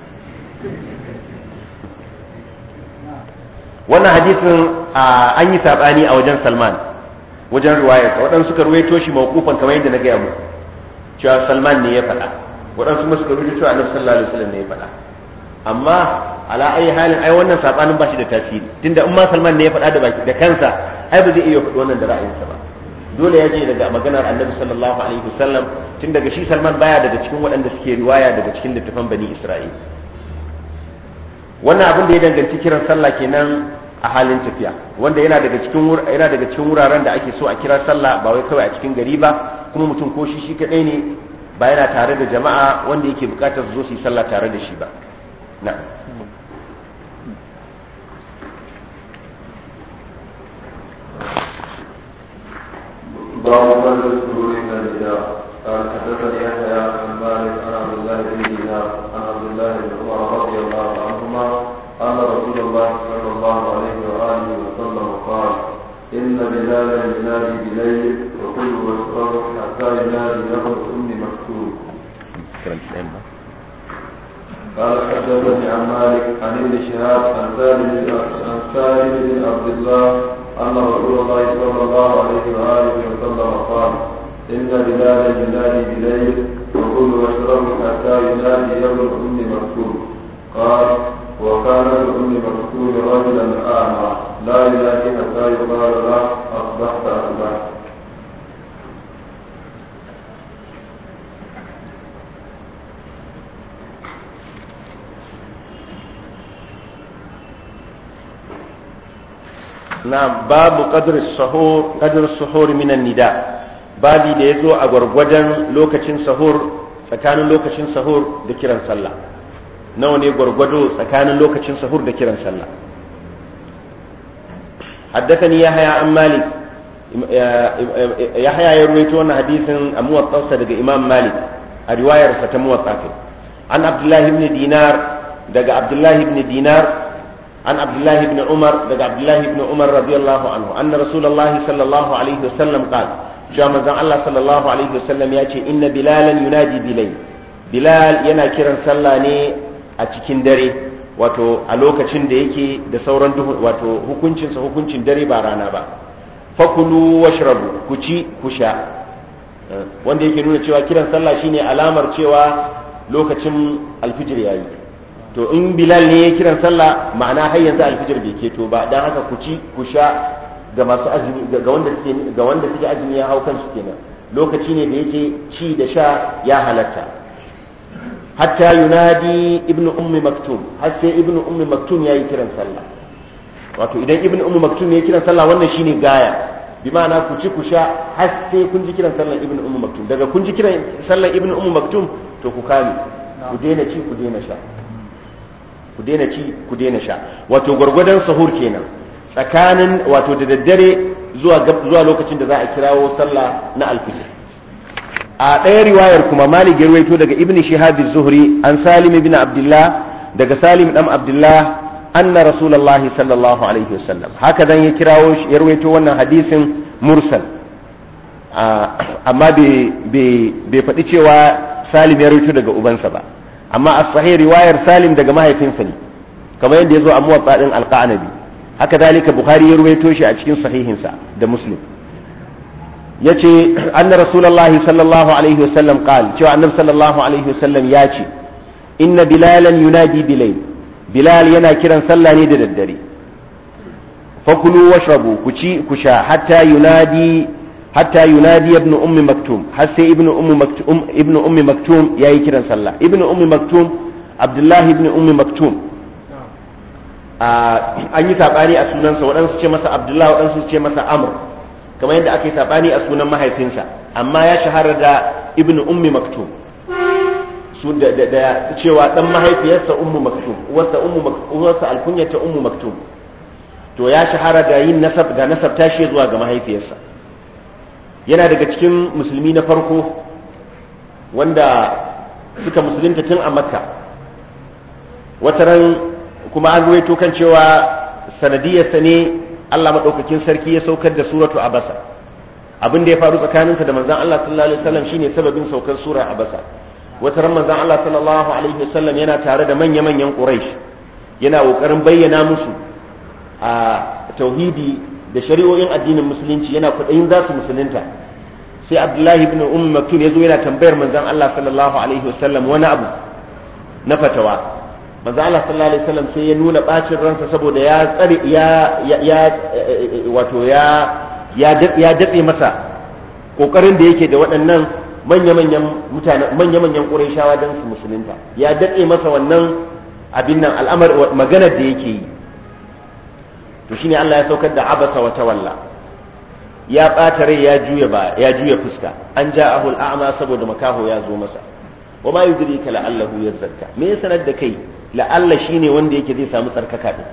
wannan hadisin an yi sabani a wajen salman wajen riwayarsa waɗansu suka ruwaito shi mawqufan kamar yadda na gaya mu cewa salman ne ya faɗa waɗansu kuma suka ruwaito cewa annabi sallallahu alaihi wasallam ne ya faɗa amma ala ayi halin ai wannan sabanin ba shi da tasiri tunda in ma salman ne ya faɗa da baki da kansa ai ba zai iya faɗi wannan da ra'ayinsa ba dole ya je daga maganar annabi sallallahu alaihi wasallam tun daga shi salman baya daga cikin waɗanda suke riwaya daga cikin littafan bani isra'ila wannan abin da ya danganci kiran sallah kenan a halin tafiya wanda yana daga cikin yana daga cikin wuraren da ake so a kira sallah ba wai kawai a cikin gari ba kuma mutum ko shi shi kadai ne ba yana tare da jama'a wanda yake bukatar zo su yi sallah tare da shi ba na ne الرجل من الجار قال حدثني لا ينادي بليل وكل واشربوا حتى ينادي له الام مكتوب. قال حدثني عن مالك عن ابن شهاب عن سالم بن عبد الله ان رسول الله صلى الله عليه واله وسلم قال ان بلالا ينادي بليل وكل واشربوا حتى ينادي يوم الام مكتوب. قال وقال لكل مقتول رجلا أعمى لا إله الا حتى يقال له أصبحت أعمى نعم باب قدر السحور قدر السحور من النداء بابي ديزو أغرب وجن لوكة سحور فكان لوكاشين سحور ذكرا صلى nawa ne gwargwado tsakanin lokacin sahur da kiran sallah haddakan ya an malik ya ya ruwaito wannan hadisin a muwatsarsa daga imam malik a riwayarsa ta muwatsafe an abdullahi ibn dinar daga abdullahi ibn dinar an abdullahi ibn umar daga abdullahi ibn umar radiyallahu anhu anna rasulullahi sallallahu alaihi wasallam qal cewa manzon Allah sallallahu alaihi wasallam ya ce inna bilalan yunadi bilay bilal yana kiran sallah ne a cikin dare wato a lokacin da yake da sauran duhu wato hukuncinsa hukuncin dare ba rana ba fakulu washrabu ku ci ku sha eh, wanda yake nuna cewa kiran sallah shine alamar cewa lokacin alfijir yayi to in bilal ne ya kiran sallah ma'ana har yanzu alfijir bai keto ba dan haka ku ci ku sha ga masu azumi ga wanda suke ga wanda suke azumi ya hau kansu kenan lokaci ne da yake ci da sha ya halatta hatta ينادي ibnu ummi مكتوم حتى ابن ibnu ummi يا yayi kiran sallah wato idan ibnu ummi maktum yayi kiran sallah wannan shine gaya bi ma'ana ku ci ku sha har sai kun ji kiran sallah ibnu ummu maktum daga kun ji kiran sallah ibnu ummu maktum to ku kame ku daina ci ku daina sha ku daina ci ku daina sha wato gwargwadon sahur kenan tsakanin wato da daddare zuwa zuwa lokacin da za a kirawo sallah na alfijir a ɗaya riwayar kuma malik ya ruwaito daga ibn shihab zuhri an salim ibn abdullah daga salim dan abdullah anna rasulullahi sallallahu alaihi wasallam haka dan ya kirawo shi ya ruwaito wannan hadisin mursal amma bai faɗi cewa salim ya ruwaito daga ubansa ba amma a sahih riwayar salim daga mahaifinsa ne kamar yadda ya zo a muwatsa din qanabi haka dalika bukhari ya ruwaito shi a cikin sahihinsa da muslim yace anna rasulullahi sallallahu alaihi wasallam qal cewa annabi sallallahu alaihi wasallam ya ce inna bilalan yunadi bilayl bilal yana kiran sallah ne da daddare fakulu washrabu ku ci ku sha hatta yunadi hatta yunadi ibn ummi maktum har sai ibn ummi maktum um, ibn ummi maktum yayi kiran sallah ibn ummi maktum abdullahi ibn ummi maktum ah, an yi sabani a sunansa waɗansu ce masa abdullahi waɗansu ce masa amr kamar yadda aka yi sabani a sunan mahaifinsa amma ya shahara da ibn ummi maktum su da cewa dan mahaifiyarsa ummu maktum uwarsa ummu uwarsa alkunyata ummu maktum to ya shahara da yin nasab ga nasab shi zuwa ga mahaifiyarsa yana daga cikin musulmi na farko wanda suka musulunta tun a makka wataran kuma an ruwaito kan cewa sanadiyarsa ne Allah maɗaukakin sarki ya saukar da suratu abasa abin da ya faru tsakaninsa da manzan Allah sallallahu alaihi wasallam shine sababin saukar sura abasa wata ran manzan Allah sallallahu alaihi wasallam yana tare da manya-manyan Quraysh yana kokarin bayyana musu a tauhidi da shari'o'in addinin musulunci yana kudayin za su musulunta sai Abdullahi ibn Umm Maktum yazo yana tambayar manzan Allah sallallahu alaihi wasallam wani abu na fatawa manzo Allah sallallahu alaihi wasallam sai ya nuna bacin ransa saboda ya tsare ya ya wato ya ya datse masa kokarin da yake da waɗannan manya-manyan mutane manya-manyan Qurayshawa dan su musulunta ya datse masa wannan abin nan al'amar maganar da yake yi to shine Allah ya saukar da abasa wa tawalla ya ɓata rai ya juya ba ya juya fuska an ja'ahu al'ama saboda makaho ya zo masa wa ma yudrika la'allahu yazakka me ya sanar da kai la'alla shine wanda yake zai samu tsarkaka din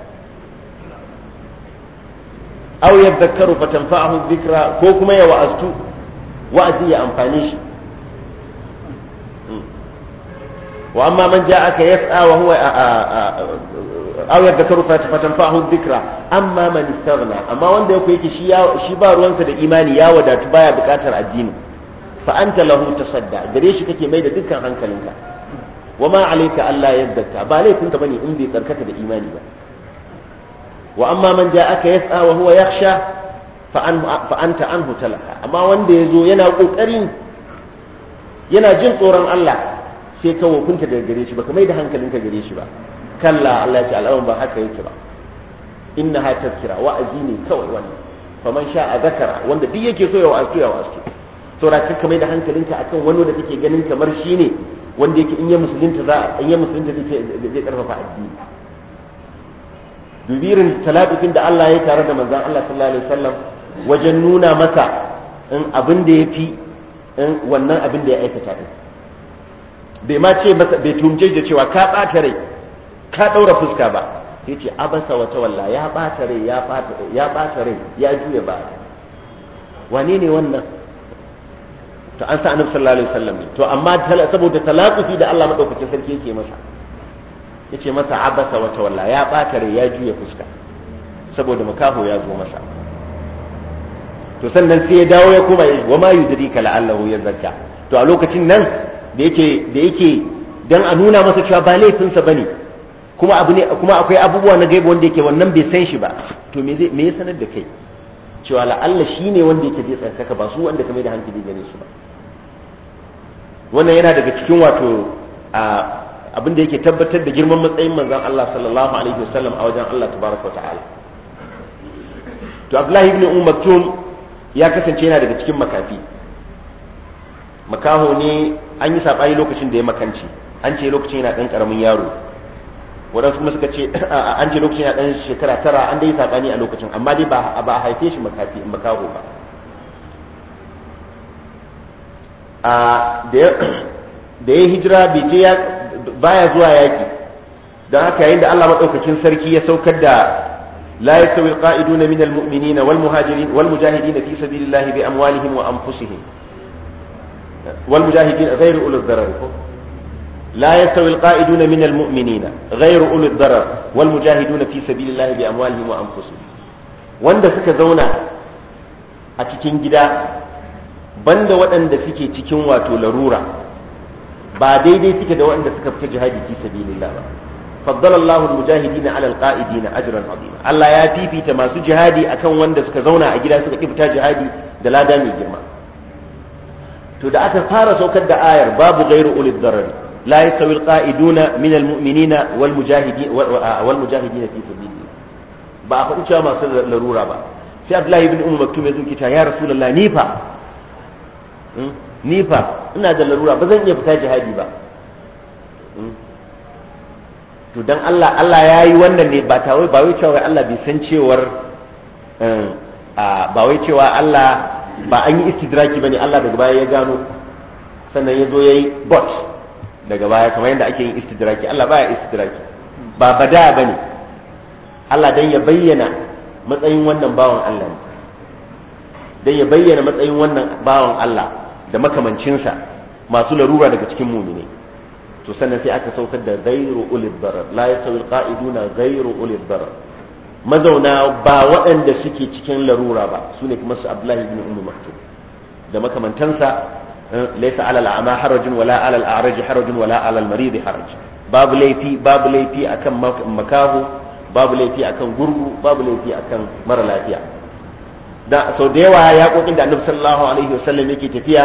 aw yadhakkaru tanfa'ahu dhikra ko kuma ya wa'aztu wa'azi ya amfane shi hmm. wa amma man ja'aka yas'a wa huwa aw yadhakkaru tanfa'ahu dhikra amma man istaghna amma wanda yake shi shi ba ruwansa da imani ya wadatu baya bukatar addini fa anta lahu tasadda gare shi kake mai da dukan hankalinka wa ma alayka alla yazzakka ba laifin ka bane in bai tsarkaka da imani ba wa amma man ja'aka yas'a wa huwa yakhsha fa an anta anhu talaka amma wanda yazo yana kokarin yana jin tsoron Allah sai ka wofinta daga ba ka mai da hankalinka gare shi ba kalla Allah ya ce al'amun ba haka yake ba innaha tazkira wa'azi ne kawai wannan faman sha'a zakara wanda duk yake so ya wa'azu ya wa'azu saura kakka mai da hankalinka a kan wani da kake ganin kamar shi ne wanda yake in ya musulunta za in ya musulunta zai karfafa addini dubirin talabikin da Allah ya tare da manzan Allah sallallahu alaihi wasallam wajen nuna masa in abin da fi in wannan abin da ya aikata din bai ma ce masa bai tumje da cewa ka bata rai ka daura fuska ba sai ce abasa wata walla ya bata rai ya bata ya bata rai ya juya ba wane ne wannan to an sa annabi sallallahu alaihi wasallam ne to amma saboda talaqufi da Allah madaukakin sarki yake masa yace masa abasa wa tawalla ya batare ya juya fuska saboda makaho ya zo masa to sannan sai ya dawo ya koma wa ma yudrika la'allahu yazakka to a lokacin nan da yake da yake dan a nuna masa cewa ba laifinsa bane kuma abu ne kuma akwai abubuwa na gaiba wanda yake wannan bai san shi ba to me me ya sanar da kai cewa la'alla shine wanda yake zai tsarkaka ba su wanda kamar da hankali gare su ba wannan yana daga cikin wato abin da yake tabbatar da girman matsayin manzon Allah sallallahu alaihi wasallam a wajen Allah tabaraka wa ta'ala to Abdullahi ibn Umar tun ya kasance yana daga cikin makafi makaho ne an yi saɓani lokacin da ya makanci an ce lokacin yana ɗan ƙaramin yaro waɗansu kuma suka ce an ce lokacin yana ɗan shekara tara an dai saɓani a lokacin amma dai ba a haife shi makafi makaho ba da ya hijira baya zuwa yaƙi don haka yayin da Allah maɗaukakin sarki ya saukar da la'aikawar ƙa’idu na minal mu'mini na walmujahidi na fi sabi lillahi bai amwalihim wa amfusihim والمجاهدين غير أولو الضرر لا يستوي القائدون من المؤمنين غير أولو الضرر والمجاهدون في سبيل الله بأموالهم وأنفسهم وان دفك زونا أتكين جدا banda waɗanda suke cikin wato larura ba daidai suke da waɗanda suka fita jihadi fi sabilillah ba faddala Allahu al-mujahidin ala al-qa'idin ajran azima Allah ya fifita masu jihadi akan wanda suka zauna a gida suka kifta jihadi da lada mai girma to da aka fara saukar da ayar babu ghairu ulil darar la yastawi al-qa'iduna min al-mu'minina wal mujahidin wal mujahidin fi sabilillah ba a faɗi cewa masu larura ba sai Abdullahi ibn Umar Maktum ya zo kita ya Rasulullah ni fa Hmm? Nifa ina da larura ba zan iya fita jihadi ba hmm? to dan Allah Allah ya yi wannan ne ba tawai ba wai cewa Allah bai san cewar eh, ba wai cewa Allah ba an yi istidraki bane Allah daga baya ya gano sannan ya zo ya yi bot daga baya kamar yadda ake yin istidraki Allah baya istidraki ba bada bane Allah dan ya bayyana matsayin wannan bawan Allah dan ya bayyana matsayin wannan bawan Allah da makamancinsa masu larura daga cikin mumine to sannan sai aka saukar da gairu ulil darar la yasawi alqa'iduna ghairu ulil darar mazauna ba waɗanda suke cikin larura ba sune kuma su Abdullahi ibn Ummu Maktum da makamantansa eh, laysa ala al'ama harajun wala ala al'araj harajun wala al marid haraj babu laifi babu laifi akan makahu babu laifi akan gurgu babu laifi akan mara lafiya da sau da yawa ya kokin da annabi sallallahu alaihi wasallam yake tafiya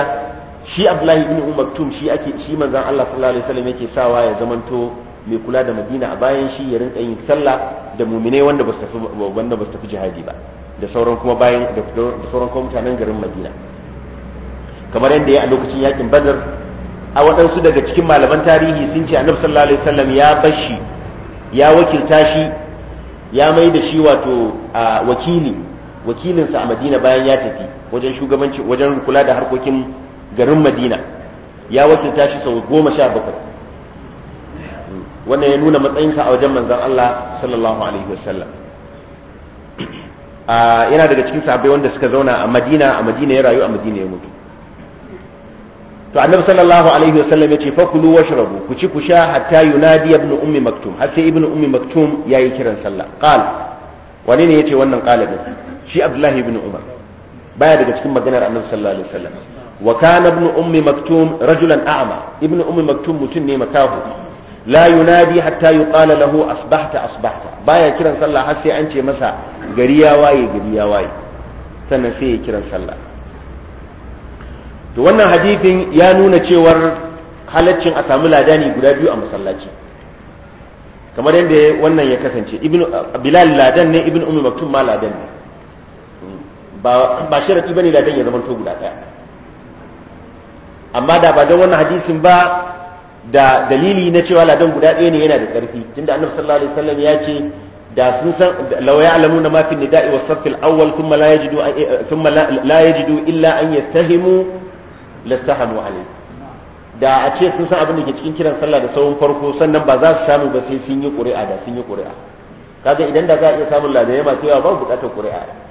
shi abdullahi ibn umaktum shi ake shi manzon Allah sallallahu alaihi wasallam yake sawa ya zamanto mai kula da madina a bayan shi ya rinka yin sallah da muminai wanda ba su tafi wanda ba su tafi jihadi ba da sauran kuma bayan da sauran kuma mutanen garin madina kamar yadda ya a lokacin yakin badar a waɗansu daga cikin malaman tarihi sun ce annabi sallallahu alaihi wasallam ya bashi ya wakilta shi ya mai da shi wato wakili wakilinsa a madina bayan ya tafi wajen shugabanci wajen kula da harkokin garin madina ya wakilta shi sau goma sha bakwai wannan ya nuna matsayinka a wajen manzan Allah sallallahu alaihi wasallam yana daga cikin sahabbai wanda suka zauna a madina a madina ya rayu a madina ya mutu to annabi sallallahu alaihi wasallam ya ce fa kulu washrabu ku ci ku sha hatta yunadi ibn ummi maktum har sai ibn ummi maktum yayi kiran sallah qal wani ne yace wannan qala shi abdullahi ibn umar baya daga cikin maganar annabi sallallahu alaihi wasallam wa kana ibn ummi maktum rajulan a'ma ibn ummi maktum mutun ne makahu la yunadi hatta yuqala lahu asbahta asbahta baya kiran sallah har sai an ce masa gari ya waye gari ya waye sannan sai ya kiran sallah to wannan hadithin ya nuna cewar halaccin a samu ladani guda biyu a masallaci kamar yadda wannan ya kasance bilal ladan ne ibn ummi maktum ma ladan ne ba ba ne bane da dan ya zama to guda daya amma da ba don wannan hadisin ba da dalili na cewa ladan guda ɗaya ne yana da ƙarfi tunda annabi sallallahu alaihi wasallam ya ce da sun san law ya'lamu ma fi nida'i was saff al-awwal thumma la yajidu thumma la yajidu illa an yastahimu lastahamu alayhi da a ce sun san abin da ke cikin kiran sallah da sauran farko sannan ba za su samu ba sai sun yi ƙuri'a da sun yi ƙuri'a kaga idan da za a iya samun ladan yama sai ba bukatar ƙuri'a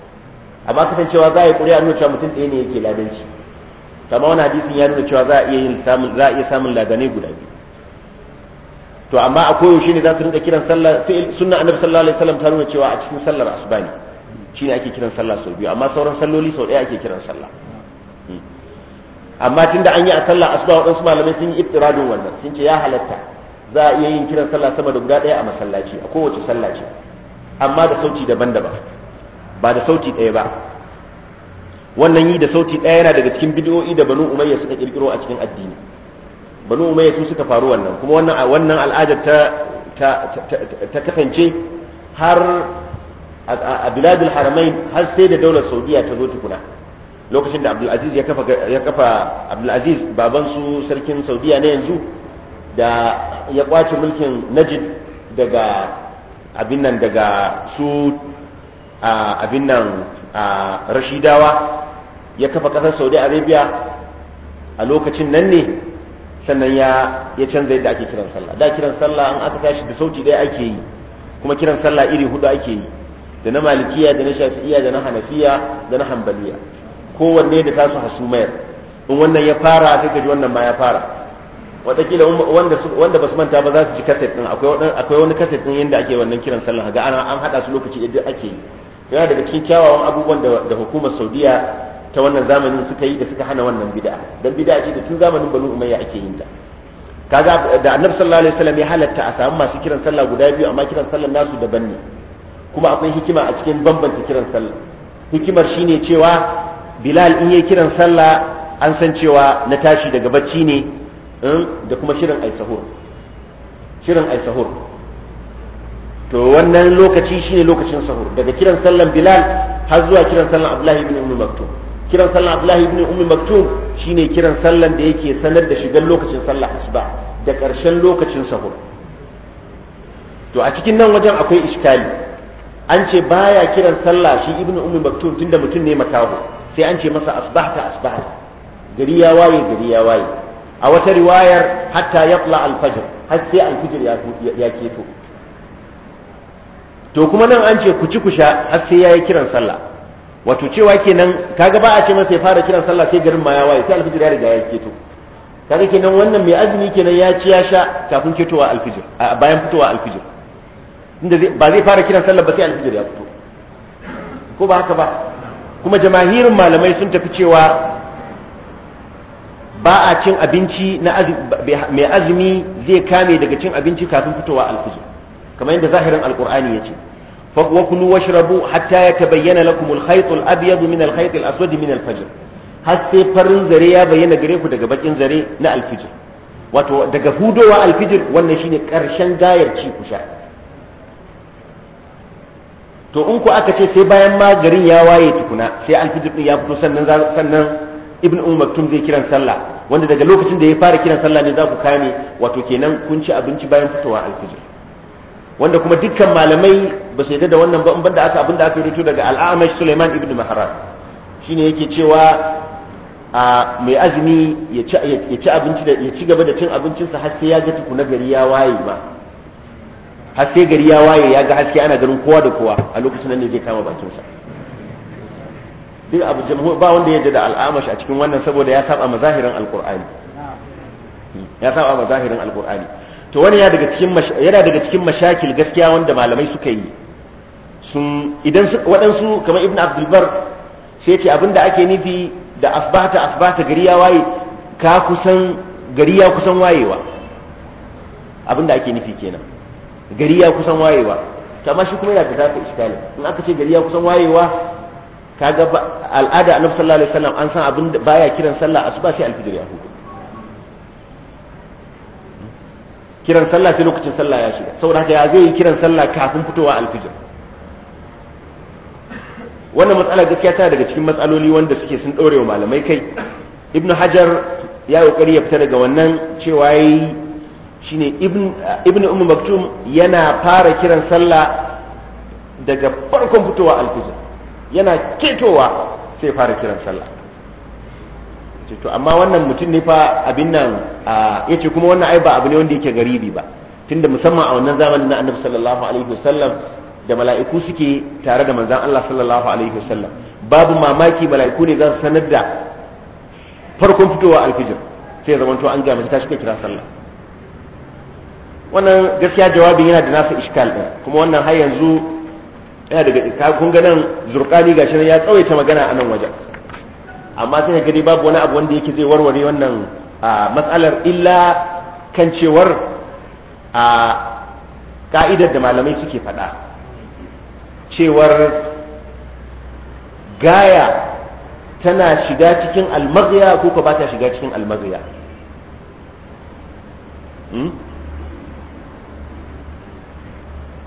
amma kasancewa za a yi ƙuri'a nuna cewa mutum ɗaya ne yake ladanci kamar wani hadisin ya nuna cewa za a iya yin samun ladanai guda biyu to amma a koyaushe ne za su rinka kiran sallah sunna annabi sallallahu alaihi wasallam ta nuna cewa a cikin sallar asuba ne shine ake kiran sallah sau biyu amma sauran salloli sau ɗaya ake kiran sallah hmm. amma tunda an yi a sallah asuba waɗansu malamai sun yi ittiradin wannan sun ce ya halatta za a iya yin kiran sallah sama da guda ɗaya a masallaci a kowace sallah ce amma da sauti daban-daban ba da sauti ɗaya ba wannan yi da sauti ɗaya yana daga cikin bidiyo'i da banu umayya suka kirkiro a cikin addini banu umayya su suka faru wannan kuma wannan wannan al'adar ta ta kasance har a biladul haramain har sai da daular saudiya ta zo tukuna lokacin da abdul aziz ya kafa ya kafa abdul aziz baban su sarkin saudiya ne yanzu da ya kwace mulkin najid daga abin nan daga su abin nan rashidawa ya kafa ƙasar saudi arabia a lokacin nan ne sannan ya canza yadda ake kiran sallah da kiran sallah an aka tashi da sauti ɗaya ake yi kuma kiran sallah iri hudu ake yi da na malikiya da na shafi'iya da na hanafiya da na hambaliya kowanne da tasu hasumayar in wannan ya fara sai ka ji wannan ma ya fara watakila wanda basu manta ba za su ji kaset din akwai wani kaset din yadda ake wannan kiran sallah ga ana an hada su lokaci yadda ake yi yana daga cikin kyawawan abubuwan da hukumar Saudiya ta wannan zamanin suka yi da suka hana wannan bid'a dan bid'a ce da tun zamanin Banu Umayya ake yin ta kaga da Annabi sallallahu alaihi ya halatta a samu masu kiran sallah guda biyu amma kiran sallar nasu daban ne kuma akwai hikima a cikin bambanta kiran sallah hikimar shine cewa Bilal in yi kiran sallah an san cewa na tashi daga bacci ne Eh, da kuma shirin ai sahur shirin aisahur to wannan lokaci shine lokacin sahur daga kiran sallan bilal har zuwa kiran sallan abdullahi ibn ummi maktum kiran sallan abdullahi ibn ummi maktum shine kiran sallan da yake sanar da shigar lokacin sallah asuba da ƙarshen lokacin sahur to a cikin nan wajen akwai iskali an ce baya kiran sallah shi ibn ummi maktum tunda mutum ne makaho sai an ce masa asbahta asbahta gari ya waye gari ya waye a wata riwayar hatta yatla alfajr har sai alfijir ya keto to kuma nan an ce ku ci ku sha har sai kiran sallah wato cewa kenan kaga ba a ce masa ya fara kiran sallah sai garin ma ya waye sai alfijir ya riga ya keto kaga kenan wannan mai azumi kenan ya ci ya sha kafin ketowa alfijir bayan fitowa alfijir inda ba zai fara kiran sallah ba sai alfijir ya fito ko ba haka ba kuma jamahirin malamai sun tafi cewa ba a cin abinci na mai azumi zai kame daga cin abinci kafin fitowa alfijir kamar yadda zahirin alkur'ani ya ce wa kulu washrabu hatta yatabayyana lakum al-khayt al-abyad min al aswad min al har sai farin zare ya bayyana gare ku daga bakin zare na alfijir wato daga hudowa alfijir wannan shine karshen gayar ci ku to in ku aka ce sai bayan ma garin ya waye tukuna sai alfijir din ya fito sannan sannan ibn umar tun zai kiran sallah wanda daga lokacin da ya fara kiran sallah ne za ku kame wato kenan kun ci abinci bayan fitowa alfijir wanda kuma dukkan malamai ba su yadda da wannan ba in banda aka abinda aka rubuto daga al'amash Sulaiman ibn Mahran shine yake cewa a mai azumi ya ci abinci da ya ci gaba da cin abincinsa har sai ya ga na gari ya waye ba har sai gari ya waye ya ga haske ana ganin kowa da kowa a lokacin nan ne zai kama bakinsa duk abu jamhur ba wanda ya da al'amash a cikin wannan saboda ya saba mazahirin alqur'ani ya saba mazahirin alqur'ani to wani ya daga cikin yana daga cikin mashakil gaskiya wanda malamai suka yi sun idan waɗansu kamar ibn abdulbar sai ce abinda ake nufi da asbata asbata gari ya waye ka kusan gari ya kusan wayewa abinda ake nufi kenan gari ya kusan wayewa to amma shi kuma yana da zafi iskali in aka ce gari ya kusan wayewa kaga al'ada annabi sallallahu alaihi wasallam an san abin da baya kiran sallah asuba sai alfijir ya hudu kiran sallah sai lokacin sallah ya shiga saboda haka ya zai yi kiran sallah kafin fitowa alfijir wannan matsala gaskiya tana daga cikin matsaloli wanda suke sun ɗore wa malamai kai ibn hajar ya kokari ya fita daga wannan cewa yi shine ibn ummu maktum yana fara kiran sallah daga farkon fitowa alfijir yana ketowa sai fara kiran sallah to amma wannan mutum ne fa abin nan ya kuma wannan ai ba abu ne wanda yake garibi ba tunda musamman a wannan zamanin na annabi sallallahu alaihi wasallam da mala'iku suke tare da manzon Allah sallallahu alaihi wasallam babu mamaki mala'iku ne za su sanar da farkon fitowa alfijir sai zaman to an ga mutum ta kira sallah wannan gaskiya jawabin yana da nasa iskal din kuma wannan har yanzu yana daga kun ga nan zurqani gashi nan ya tsawaita magana a nan wajen amma sai ga babu wani abu wanda yake zai warware wannan matsalar illa kan cewar a ka'idar da malamai suke faɗa cewar gaya tana shiga cikin almaziya ko ka ba ta shiga cikin almaziya hmm?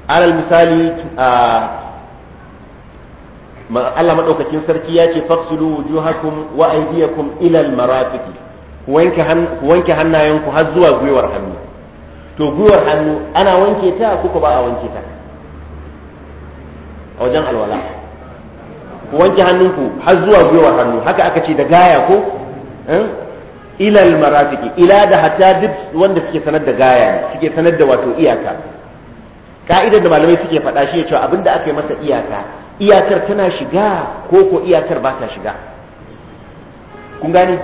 alal misali a ma Allah madaukakin sarki ya ce faksulu wujuhakum wa aydiyakum ila al-marafiqi wanke wanke hannayenku har zuwa gwiwar hannu to gwiwar hannu ana wanke ta kuka ba a wanke ta a wajen alwala ku wanke hannunku har zuwa gwiwar hannu haka aka ce da gaya ko eh? ila al ila da hatta duk wanda suke sanar da gaya suke sanar da wato iyaka ka'idar da malamai suke faɗa shi ya cewa abinda aka yi masa iyaka iyakar tana shiga ko ko iyakar ba ta shiga kun gane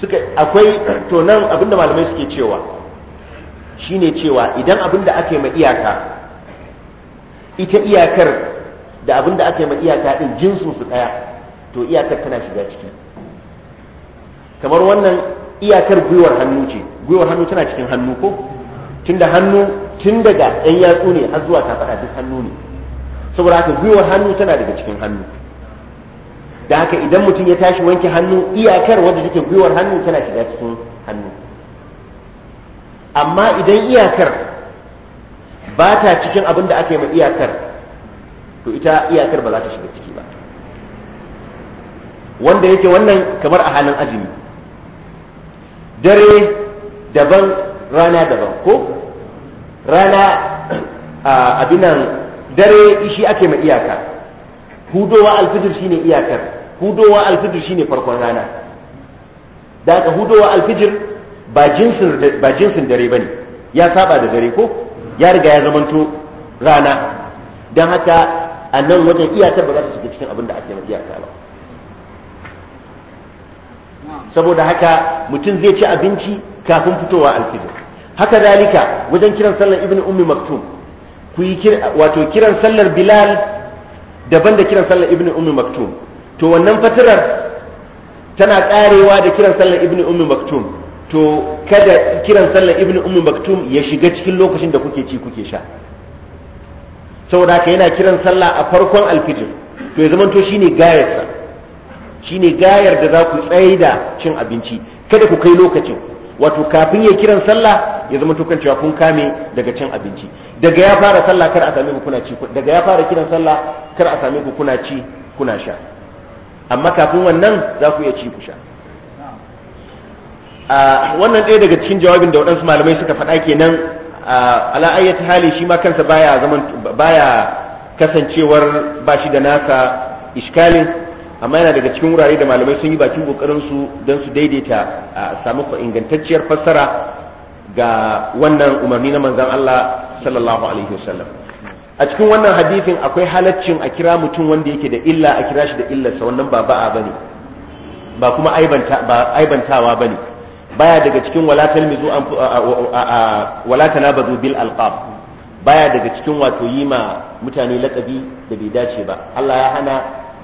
suka akwai to nan abinda malamai suke cewa shine cewa idan abinda aka yi ma iyaka ita iyakar da abinda aka yi ma iyaka din jinsu su daya to iyakar tana shiga ciki kamar wannan iyakar gwiwar hannu ce gwiwar hannu tana cikin hannu ko tunda hannu tun daga ɗan yatsu ne har zuwa ta faɗa duk hannu ne saboda haka gwiwar hannu tana daga cikin hannu da haka idan mutum ya tashi wanke hannu iyakar wadda take gwiwar hannu tana shiga cikin hannu amma idan iyakar ba ta cikin abin da aka yi ma iyakar to ita iyakar ba za ta shiga ciki ba wanda yake wannan kamar a halin azumi dare daban rana daban ko rana abinan dare shi ake ma iyaka hudowa alfijir shine iyakar hudowa alfijir shine farkon rana da ka hudowa alfijir ba jinsin ba jinsin dare bane ya saba da dare ko ya riga ya zamanto rana don haka a nan wajen iyakar ba za ta shiga cikin abin da ake ma iyaka ba saboda haka mutum zai ci abinci kafin fitowa alfijir haka dalika wajen kiran sallar ibn ummi maktum ku yi wato kiran sallar bilal daban da kiran sallar Ibn ummi maktum to wannan fatarar tana karewa da kiran sallar Ibn ummi maktum to kada kiran sallar Ibn ummi maktum ya shiga cikin lokacin da kuke ci kuke sha saboda haka yana kiran sallah a farkon alfijir to ya zamanto shine gayarsa shine gayar da za ku da cin abinci kada ku kai lokacin wato kafin ya kiran sallah ya zama tukan cewa kun kame daga cin abinci daga ya fara sallah kar a same ku kuna ci daga ya fara kiran sallah kar a same ku kuna ci kuna sha amma kafin wannan za ku iya ci ku sha wannan ɗaya daga cikin jawabin da waɗansu malamai suka faɗa kenan ala ayyati hali shi ma kansa baya zaman baya kasancewar ba shi da nasa iskalin amma yana daga cikin wurare da malamai sun yi bakin kokarin don su daidaita a samu ingantacciyar fassara ga wannan umarni na manzon Allah sallallahu alaihi wasallam a cikin wannan hadisin akwai halaccin a kira mutum wanda yake da illa a kira shi da illarsa wannan ba ba'a bane ba kuma aibanta ba aibantawa baya daga cikin wala talmizu an wala bil alqab baya daga cikin wato yima mutane lakabi da bai dace ba Allah ya hana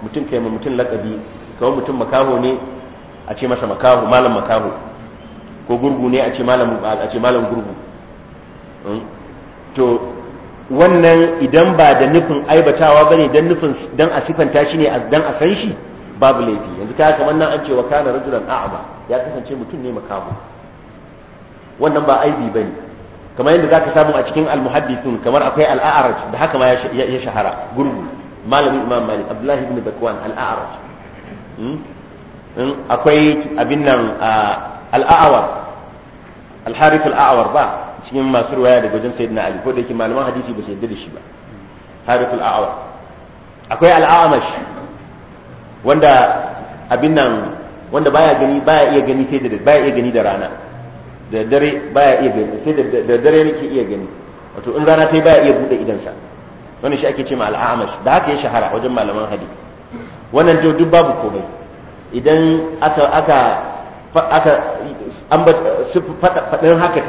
mutum kai ma mutum lakabi kawai mutum makaho ne a ce masa makaho malam makaho ko gurgu ne a ce malam a ce malam gurgu hmm? to wannan idan ba da nufin aibatawa ba dan nufin dan a sifanta shi ne dan a san shi babu laifi yanzu ta kamar nan an ce wa kana rajulan ba ya kasance mutum ne makaho wannan ba aibi ba ne kamar yadda za ka samu a cikin almuhaddithun kamar akwai al'aar da haka ma ya shahara gurgu malamin imam malik abdullahi ibn bakwan al-a'raj hmm? Hmm? akwai abin nan al-a'war al harif al-a'war ba cikin masu ruwaya daga wajen sayyidina ali ko da yake malaman hadisi ba su yadda da shi ba harif al-a'war akwai al-a'mash wanda abin nan wanda baya gani baya iya gani sai da baya iya gani da rana da dare baya iya gani sai da dare yake iya gani wato in rana sai baya iya bude idan sa wannan shi ake cewa al'amash da haka ya shahara wajen malaman hadi wannan jo duk babu komai idan aka aka aka an ba faɗin haka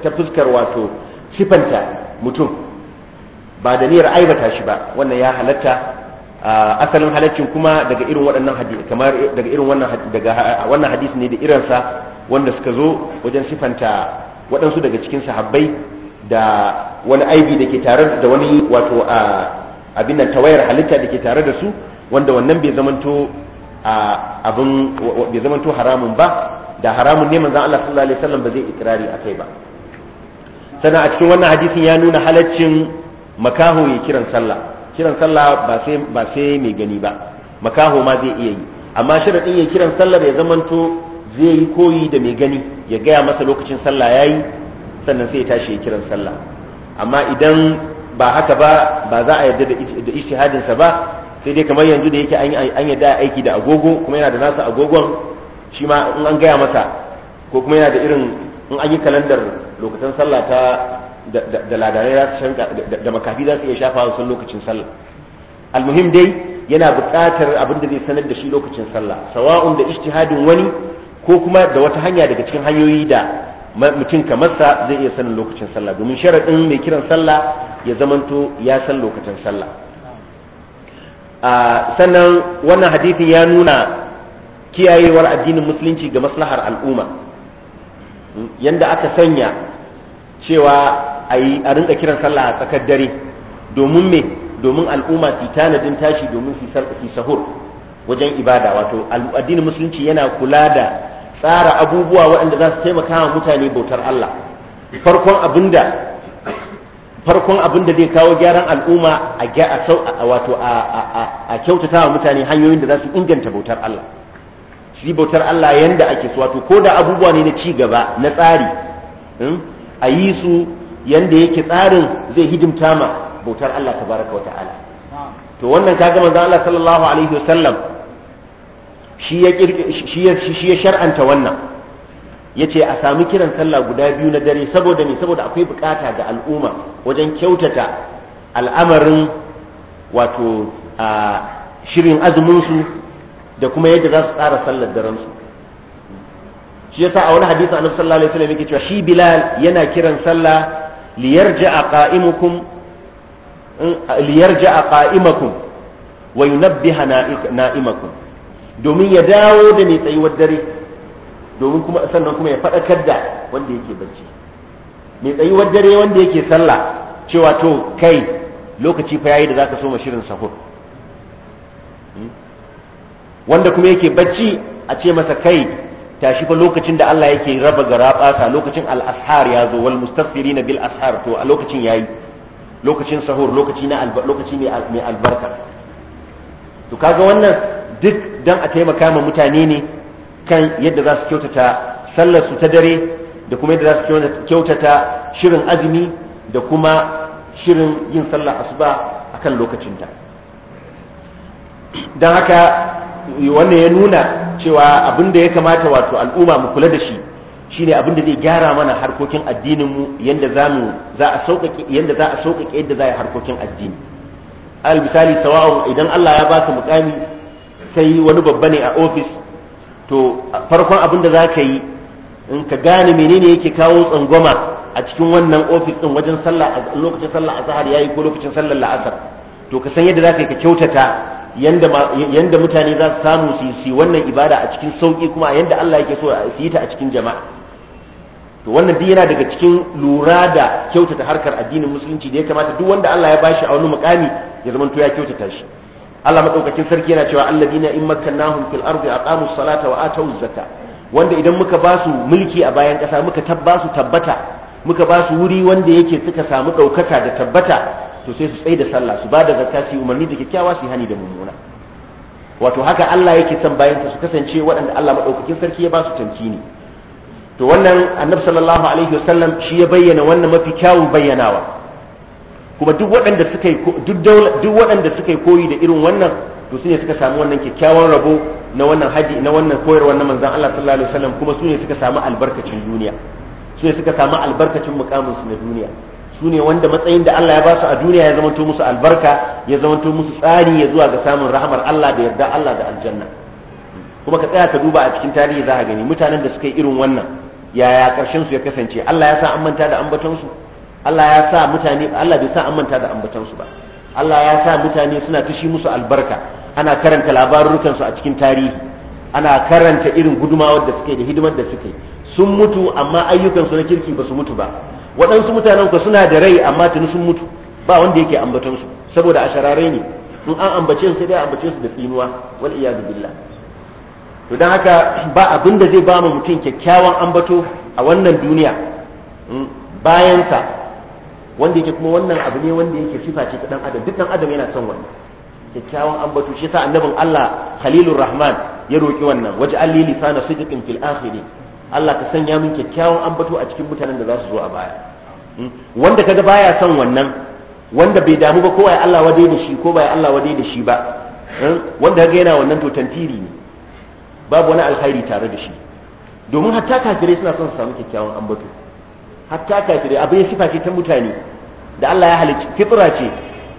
ta fuskar wato sifanta mutum ba da niyyar aibata shi ba wannan ya halatta asalin halaccin kuma daga irin waɗannan hadisi kamar daga irin wannan daga wannan hadisi ne da irinsa wanda suka zo wajen sifanta waɗansu daga cikin sahabbai da wani aibi da ke tare da wani wato abin nan tawayar halitta da ke tare da su wanda wannan bai zamanto abin bai zamanto haramun ba da haramun ne manzon Allah sallallahu alaihi wasallam ba zai ikrari akai ba sannan a cikin wannan hadisin ya nuna halaccin makaho ya kiran sallah kiran sallah ba sai ba sai mai gani ba makaho ma zai iya yi amma sharadin ya kiran sallah bai zamanto zai yi koyi da mai gani ya gaya masa lokacin sallah yayi sannan sai ya tashi ya kiran sallah amma idan ba haka ba ba za a yarda da sa ba sai dai kamar yanzu da yake an yarda aiki da agogo kuma yana da nasa agogon shi ma in an gaya masa ko kuma yana da irin in an yi kalandar lokacin sallah ta da ladarai za su da makafi za su iya shafa wasan lokacin sallah almuhim dai yana buƙatar abin da zai sanar da shi lokacin sallah sawa'un da ijtihadin wani ko kuma da wata hanya daga cikin hanyoyi da mutum kamar sa zai iya sanin lokacin sallah domin sharaɗin mai kiran sallah ya zamanto ya san lokacin sallah sannan wannan hadithin ya nuna kiyayewar addinin musulunci ga maslahar al'umma yadda aka sanya cewa a yi a rinka kiran sallah a tsakar dare domin me domin al'umma su tanadin tashi domin su sahur wajen ibada wato addinin musulunci yana kula da tsara abubuwa waɗanda za su taimaka wa mutane bautar Allah farkon abinda farkon abinda zai kawo gyaran al'umma a a wato a kyautata wa mutane hanyoyin da za su inganta bautar Allah shi bautar Allah yanda ake so wato ko da abubuwa ne na ci gaba na tsari hmm, a yi su yanda yake tsarin zai hidimta ma bautar Allah tabaraka wa ta'ala to wannan kaga manzon Allah sallallahu alaihi wasallam shi ya shar'anta wannan ya ce a sami kiran sallah guda biyu na dare saboda ne saboda akwai bukata ga al'umma wajen kyautata al'amarin wato a shirin azuminsu da kuma yadda za su tsara sallar daransu shi yasa a wani hadisi annabi sallallahu alaihi wasallam yake cewa shi bilal yana kiran sallah liyarja'a qa'imukum liyarja'a qa'imakum wa yunabbiha na'imakum domin ya dawo da mai tsayuwar dare domin kuma sannan kuma ya faɗakar da wanda yake bacci mai tsayuwar dare wanda yake sallah cewa to kai lokaci fa yayi da zaka so shirin sahur hmm? wanda kuma yake bacci a ce masa kai tashi fa lokacin da Allah yake raba garabasa lokacin al-ashar ya zo wal mustaghfirina bil ashar to a lokacin yayi lokacin sahur lokaci na mai albarka to kaga wannan duk don a taimaka ma mutane ne kan yadda za su kyautata sallar su ta dare da kuma yadda za su kyautata shirin azumi da kuma shirin yin sallar asuba a kan lokacinta don haka wannan ya nuna cewa abin da ya kamata wato al'umma mu kula da shi shine abin da zai gyara mana harkokin addininmu yadda za a sauƙaƙe yadda za a yi harkokin addini al misali sawa'un idan Allah ya baka muƙami. kai wani babba ne a ofis to farkon abin da za ka yi in ka gane ne yake kawo tsangwama a cikin wannan ofis din wajen sallah a lokacin sallah azhar yayi ko lokacin sallar la'asar to ka san yadda za ka yi ka kyautata yanda mutane za su samu su yi wannan ibada a cikin sauki kuma a yanda Allah yake so su yi ta a cikin jama'a to wannan duk yana daga cikin lura da kyautata harkar addinin musulunci da ya kamata duk wanda Allah ya bashi a wani mukami ya zama to ya kyautata shi Allah madaukakin sarki yana cewa alladina in makkannahum fil ardi aqamu salata wa atu zakka wanda idan muka ba su mulki a bayan kasa muka tabbasu tabbata muka ba su wuri wanda yake suka samu daukaka da tabbata to sai su tsaye da sallah su ba da zakka su umarni da kyakkyawa su hani da mummuna wato haka Allah yake son bayan su kasance waɗanda Allah madaukakin sarki ya ba su tamkini to wannan annabi sallallahu alaihi wasallam shi ya bayyana wannan mafi kyawun bayyanawa kuma duk waɗanda suka yi duk duk waɗanda suka yi koyi da irin wannan to su suka samu wannan kyakkyawan rabo na wannan haji na wannan koyarwa na manzon Allah sallallahu alaihi wasallam kuma su ne suka samu albarkacin duniya su suka samu albarkacin mukamin su na duniya su ne wanda matsayin da Allah ya ba su a duniya ya zamanto musu albarka ya zamanto musu tsari ya zuwa ga samun rahamar Allah da yarda Allah da aljanna kuma ka tsaya ka duba a cikin tarihi za ka gani mutanen da suka yi irin wannan yaya karshen su ya kasance Allah ya sa an manta da ambaton su Allah ya sa mutane Allah bai sa an manta da ambatansu ba Allah ya sa mutane suna tashi musu albarka ana karanta labarukansu a cikin tarihi ana karanta irin gudumawar da suke da hidimar da suke sun mutu amma ayyukansu na kirki ba su mutu ba waɗansu mutanen ku suna da rai amma tuni sun mutu ba wanda yake ambatansu saboda a sharare ne in an ambace su sai dai ambace su da tsinuwa wal iyadu billah to dan haka ba abin da zai ba mu mutum kyakkyawan ambato a wannan duniya hmm, bayansa wanda yake kuma wannan abu ne wanda yake sifa ce ta dan adam duk adam yana son wannan kyakkyawan ambato shi sa annabin Allah Khalilur Rahman ya roki wannan waje alli lisana sidqin fil akhirin Allah ka sanya min kyakkyawan ambato a cikin mutanen da za su zo a baya hmm? wanda kaga baya son wannan wanda bai damu ba ko ai Allah wadai da shi ko bai Allah wadai da shi ba hmm? wanda kaga yana wannan to tantiri ne babu wani alkhairi tare da shi domin hatta kafirai suna son su samu kyakkyawan ambato hatta kafirai abin sifa ce ta mutane da Allah ya halicci fitra ce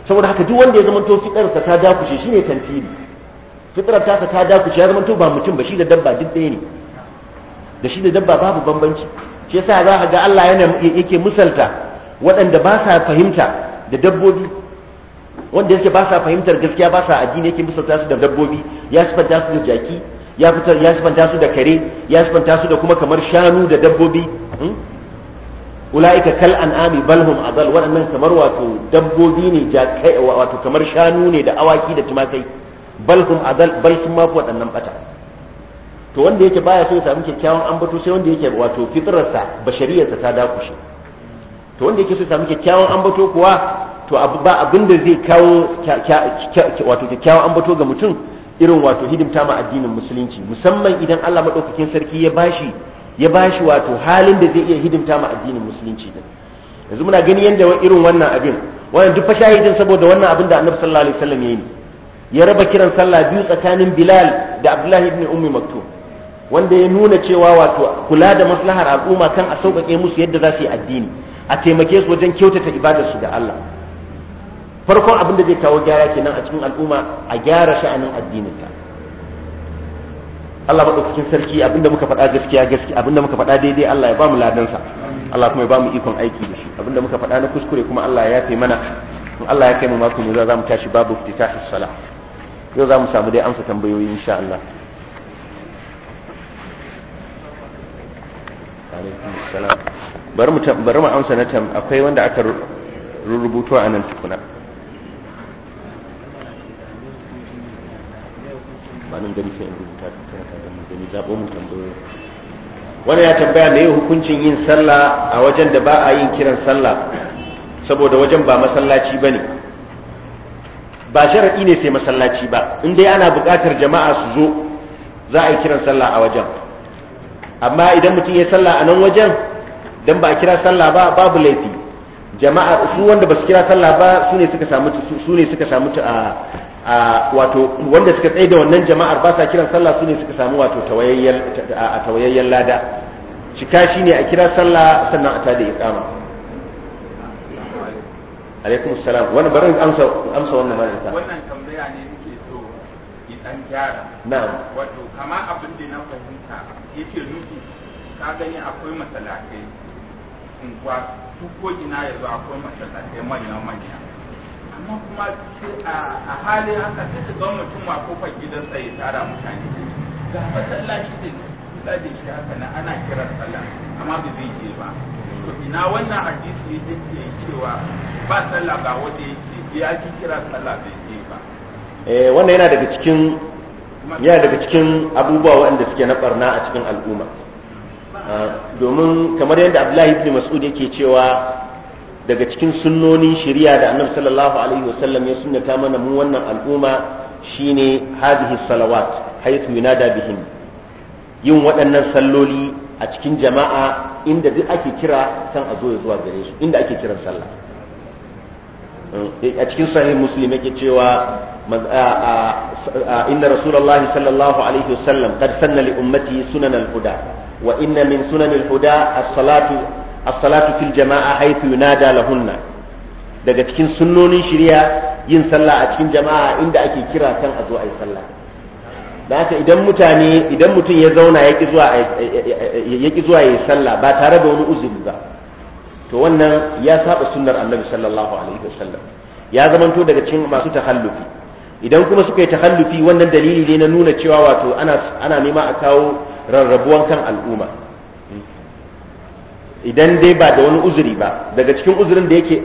saboda haka duk wanda ya zama to fitrar ta dakushe shine tantiri fitrar ta ta dakushe ya zama to ba mutum ba shi da dabba duk ɗaya ne da shi da dabba babu bambanci shi yasa za ka ga Allah yana yake misalta waɗanda ba sa fahimta da dabbobi wanda yake ba sa fahimtar gaskiya ba sa addini yake misalta su da dabbobi ya sifanta su da jaki ya sifanta su da kare ya sifanta su da kuma kamar shanu da dabbobi hmm? ulaika kal an'ami bal hum adal waɗannan kamar wato dabbobi ne jakai wato kamar shanu ne da awaki da tumakai bal hum adal bal kuma waɗannan bata to wanda yake baya so ya samu kyakkyawan ambato sai wanda yake wato fitrarsa bashariyarsa ta dakushe to wanda yake so ya samu kyakkyawan ambato kuwa to ba abin da zai kawo wato kyakkyawan ambato ga mutum irin wato hidimta ma addinin musulunci musamman idan Allah madaukakin sarki ya bashi ya ba shi wato halin da zai iya hidimta ma addinin musulunci din yanzu muna gani yanda irin wannan abin wannan duk fa saboda wannan abin da annabi sallallahu alaihi wasallam yayi ya raba kiran sallah biyu tsakanin bilal da abdullahi ibn ummi maktum wanda ya nuna cewa wato kula da maslahar al'umma kan a sauƙaƙe musu yadda za su yi addini a taimake su wajen kyautata ibadar su da Allah farkon abin da zai kawo gyara kenan a cikin al'umma a gyara sha'anin addinin ta Allah madaukakin sarki abinda muka faɗa gaskiya gaskiya abinda muka faɗa daidai Allah ya bamu ladansa. sa Allah kuma ya bamu ikon aiki da shi abinda muka faɗa na kuskure kuma Allah ya yafe mana in Allah ya kai mu mako ne za mu tashi babu iftitahi sala yau za mu samu dai amsa tambayoyi insha Allah bari mu bari mu amsa na tam akwai wanda aka rubuto a nan tukuna ba nan da muke rubuta mu zaɓo mun tambayoyi wani ya tambaya me hukuncin yin sallah a wajen da ba a yin kiran sallah saboda wajen ba masallaci ba ne ba sharaɗi ne sai masallaci ba in dai ana buƙatar jama'a su zo za a yi kiran sallah a wajen amma idan mutum ya sallah a nan wajen dan ba a kira sallah ba babu laifi jama'a su wanda ba su kira sallah ba su ne suka samu su ne suka samu a wato wanda suka tsaye da wannan jama'ar ba sa kiran sallah su ne suka samu wato tawayayyen lada cika shi ne a kira sallah sannan a tada iqama alaikum salam wannan bari amsa amsa wannan mai wannan tambaya ne nake so idan gyara na'am wato kama abin da na fahimta yake nufi ka gani akwai masalakai in duk ko ina yanzu akwai masalakai manya manya amma kuma a halin haka sai ta ga mutum ma kofar gidansa ya tara mutane ga masallaci da kula da shi haka na ana kiran sallah amma ba zai je ba to ina wannan hadisi ke cewa ba sallah ga wanda yake ya ji kiran sallah bai je ba eh wannan yana daga cikin yana daga cikin abubuwa waɗanda suke na barna a cikin al'umma ah, domin kamar yadda Abdullahi ibn Mas'ud yake cewa daga cikin sunnonin shari'a da annabi sallallahu alaihi wasallam ya sunnata mana mu wannan al'umma shine hadhihi salawat haythu yunada bihim yin waɗannan salloli a cikin jama'a inda duk ake kira kan a zo zuwa gare su inda ake kiran sallah eh, a cikin sahih muslim yake cewa inna rasulullahi sallallahu alaihi wasallam qad sanna li ummati sunan al-huda wa inna min sunan al-huda as-salatu as-salatu fil jama'a haythu yunada lahunna daga cikin sunnonin shirya yin sallah a cikin jama'a inda ake kira kan a zo a yi sallah da haka idan mutane idan mutum ya zauna ya ki zuwa ya ki zuwa yayi sallah ba tare da wani uzuri ba to wannan ya saba sunnar annabi sallallahu alaihi wasallam ya zamanto daga cikin masu tahallufi idan kuma suka yi tahallufi wannan dalili ne na nuna cewa wato ana ana nema a kawo rarrabuwan kan al'umma idan dai ba da wani uzuri ba daga cikin uzurin da yake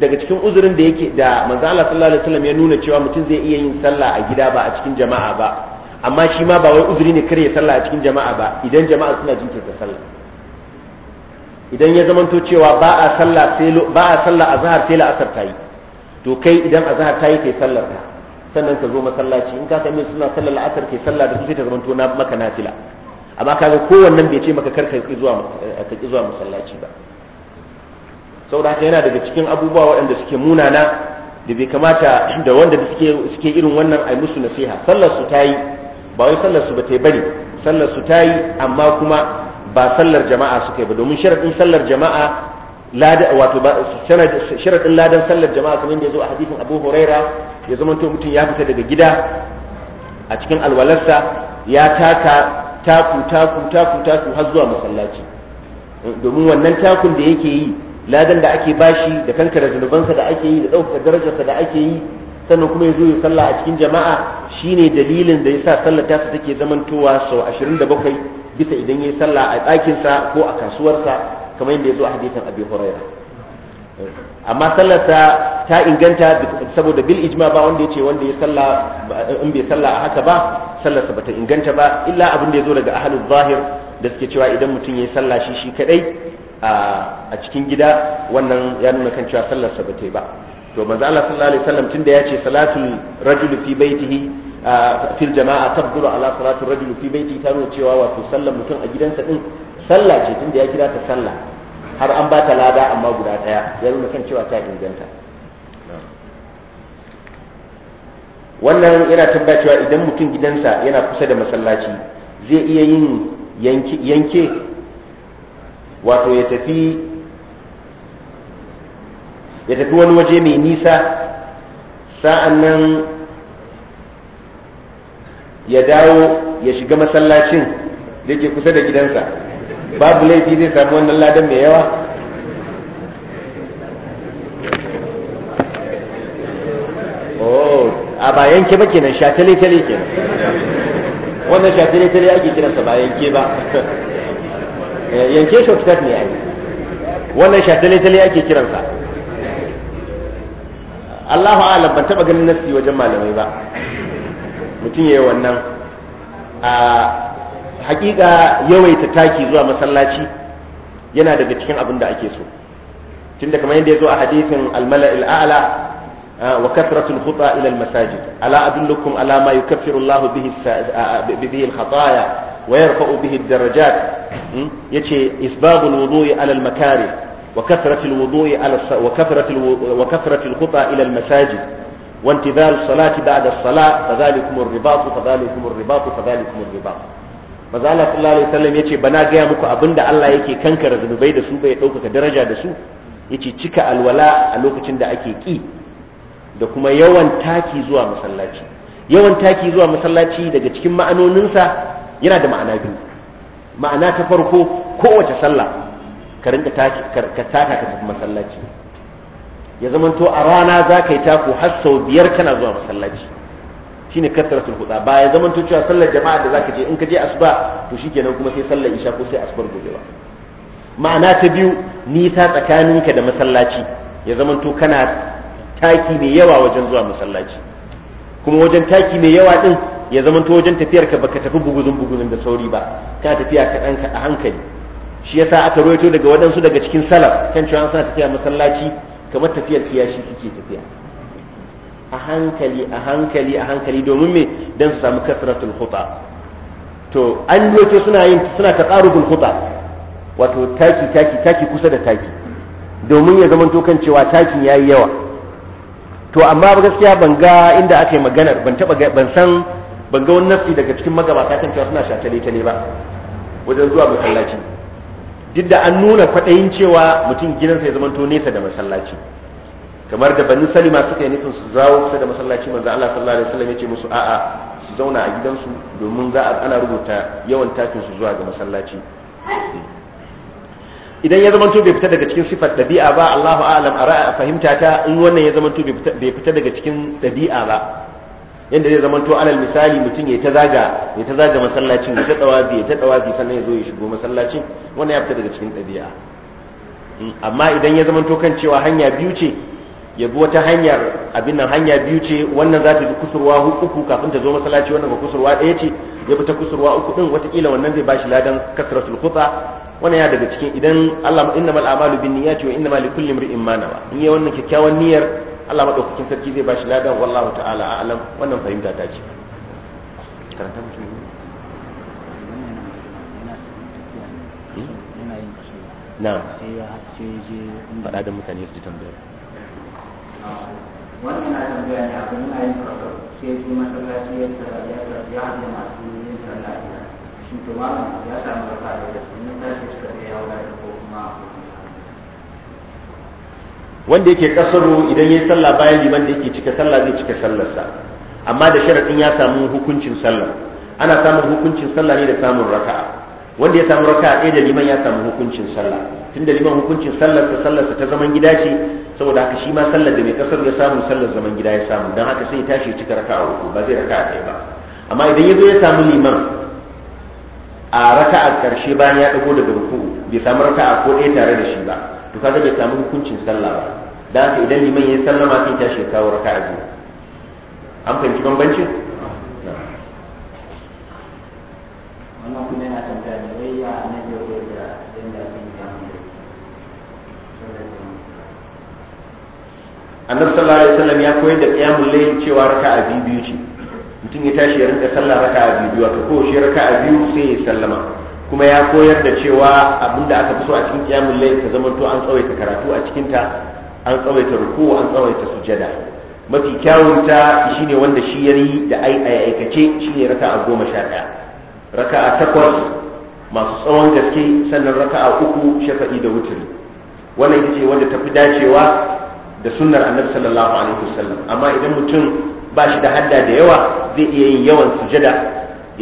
daga cikin uzurin da yake da manzo Allah sallallahu alaihi wasallam ya nuna cewa mutum zai iya yin sallah a gida ba a cikin jama'a ba amma shi ma ba wai uzuri ne kare sallah a cikin jama'a ba idan jama'a suna jinkirta sallah idan ya zamanto cewa ba a sallah sai ba a sallah azhar sai la'asar tayi to kai idan azhar tayi kai sallar ka sannan ka zo masallaci in ka sami suna sallar la'asar kai sallah da su sai ta to na maka nafila amma kaga kowannen bai ce maka karka zuwa eh, ka zuwa masallaci ba saboda haka yana daga cikin abubuwa waɗanda suke munana da bai kamata da wanda suke suke irin wannan ai musu nasiha sallar su tayi ba wai sallar su ba ta yi bari sallar su tayi amma kuma ba sallar jama'a suka yi ba domin sharadin sallar jama'a lada wato ba sharadin ladan sallar jama'a kamar yadda zo a hadisin Abu Huraira ya zama mutum ya fita daga gida a cikin alwalarsa ya taka taku taku taku taku har zuwa masallaci domin wannan takun da yake yi ladan da ake bashi da kankare zunubansa da ake yi da ɗaukar darajarsa da ake yi sannan kuma ya zo ya sallah a cikin jama'a shine dalilin da yasa sallar ta take zamantowa sau ashirin da bakwai bisa idan yayi sallah a ɗakinsa ko a kasuwarsa kamar yadda ya zo a hadisin Abi Hurairah amma sallarsa ta inganta saboda bil ijma ba wanda ya ce wanda ya salla in bai salla a haka ba sallarsa bata inganta ba illa abin da ya zo daga ahlul zahir da suke cewa idan mutum ya salla shi shi kadai a cikin gida wannan ya nuna kan cewa sallarsa bata yi ba to manzo Allah sallallahu alaihi wasallam tunda ya ce salatul rajul fi baitihi fi jama'a tabduru ala salatul rajul fi baitihi ta nuna cewa wato sallar mutum a gidansa din sallah ce tunda ya kira ta sallah har an ba ta lada amma guda ɗaya ya nuna kan cewa ta inganta wannan yana tabbata cewa idan mutum gidansa yana kusa da masallaci zai iya yin yanke wato ya tafi ya tafi wani waje mai nisa sa'an nan ya dawo ya shiga masallacin da ke kusa da gidansa babu laifi zai samu wannan ladan mai yawa oh a ba yanke ba nan shatale-tale kenan wannan shatale-tale ake kiransa ba yanke ba eh, yanke shortcut ne ai wannan shatale-tale ake kiransa Allahu a'lam ban taba ganin nasi wajen malamai ba mutum yayi wannan a ah, hakika yawaita taki zuwa masallaci yana daga cikin abin da ake so tunda kamar yadda ya zo a hadithin al-mala'il a'la wa kathratul khuta ila al-masajid ala adullukum ala ma yukaffiru Allah bihi bihi al-khataya wa yarfa'u bihi ad-darajat yace isbagul wudu'i ala al-makarih wa kathratul wudu'i ala wa kathratul wa kathratul khuta ila al-masajid وانتظار الصلاة بعد الصلاة فذلكم الرباط فذلكم الرباط فذلكم الرباط maza Allah sallallahu alaihi wasallam yace bana gaya muku abinda Allah yake kankara zunubai da su bai ɗaukaka daraja da su yace cika alwala a lokacin da ake ki da kuma yawan taki zuwa masallaci yawan taki zuwa masallaci daga cikin ma'anoninsa yana da ma'ana biyu ma'ana ta farko kowace sallah ka rinka taki ka taka ka tafi masallaci ya zamanto a rana za yi taku har sau biyar kana zuwa masallaci shine kasratul huda ba ya zaman to cewa sallar jama'a da zaka je in ka je asuba to shikenan kuma sai sallar isha ko sai asubar gobe ba ma'ana ta biyu nisa tsakaninka da masallaci ya zaman to kana taki mai yawa wajen zuwa masallaci kuma wajen taki mai yawa din ya zaman to wajen tafiyar ka baka tafi buguzun buguzun da sauri ba ka tafiya kaɗan ka a hankali shi yasa aka roito daga waɗansu daga cikin salaf kan cewa an sa tafiya masallaci kamar tafiyar kiyashi suke tafiya a hankali a hankali a hankali domin me dan su samu kasratul khuta to an doke suna yin suna ta taqarubul khuta wato taki taki taki kusa da taki domin ya zama kan cewa takin yayi yawa to amma ba gaskiya ban ga inda aka yi maganar ban taba ban san ban ga wani nafi daga cikin magabata kan cewa suna shatale ne ba wajen zuwa masallaci duk da an nuna kwaɗayin cewa mutum gidansa ya zama to nesa da masallaci kamar da bani salima suka yi nufin su zawo kusa da masallaci manzo Allah sallallahu alaihi wasallam yace musu a'a su zauna a gidansu domin za a ana rubuta yawan tafin su zuwa ga masallaci idan ya zamanto bai fita daga cikin sifar dabi'a ba Allahu a'lam a fahimta ta in wannan ya zamanto bai fita daga cikin dabi'a ba yanda zai zamanto alal misali mutum ya ta zaga ya ta zaga masallacin ya ta tsawazi ya ta sannan ya zo ya shigo masallacin wannan ya fita daga cikin dabi'a hmm, amma idan ya zamanto kan cewa hanya biyu ce ya bi wata hanyar abin nan hanya biyu ce wannan za ta bi kusurwa uku kafin ta zo masallaci wannan ba kusurwa ɗaya ce ya bi ta kusurwa uku din watakila wannan zai bashi ladan kasratul khutsa wannan ya daga cikin idan Allah innamal a'malu binniyati wa innamal likulli imrin ma nawa in yi wannan kyakkyawan niyyar Allah madaukakin sarki zai bashi ladan wallahu ta'ala a'lam wannan fahimta ta ce karanta mutum hmm? na'am sai ya ce je faɗa da mutane su tambaya wannan na tambaya ne abu muna yin karɓar sai su masallaci ya karɓi ya haɗe masu yin sallah biyar shi to malam ya samu raka da da sunan tashi suka ya wadata ko kuma wanda yake kasaro idan yayi sallah bayan liman da yake cika sallah zai cika sallarsa amma da sharadin ya samu hukuncin sallah ana samun hukuncin sallah ne da samun raka'a wanda ya samu raka'a ɗaya da liman ya samu hukuncin sallah tunda liman hukuncin sallarsa sallarsa ta zaman gida ce saboda haka shi ma sallar da mai kasar ya samu sallar zaman gida ya samu don haka sai ya tashi cika raka a uku ba zai raka a ɗaya ba amma idan ya zo ya samu liman a raka a ƙarshe bayan ya ɗago daga ruku bai samu raka a ko ɗaya tare da shi ba to kaga bai samu hukuncin sallah ba don haka idan liman ya yi sallama sai ya tashi ya kawo raka a biyu an fahimci bambancin wannan kuma yana tambaya da wai ya annabi annabi sallallahu alaihi wasallam ya koyar da qiyamul layl cewa raka'a biyu biyu ce mutum ya tashi ya rinka sallah raka'a biyu biyu wato ko shi raka'a biyu sai ya sallama kuma ya koyar da cewa abinda aka fi so a cikin qiyamul layl ta zama to an tsawaita karatu a cikin ta an tsawaita ruku an tsawaita sujada mafi kyawunta ta shine wanda shi yayi da ai aikace shine raka'a goma sha ɗaya raka'a takwas masu tsawon gaske sannan raka'a uku shafa'i da wuturi wannan ita ce wanda tafi dacewa da sunnar annabi sallallahu alaihi wasallam amma idan mutum ba shi da hadda da yawa zai iya yin yawan sujada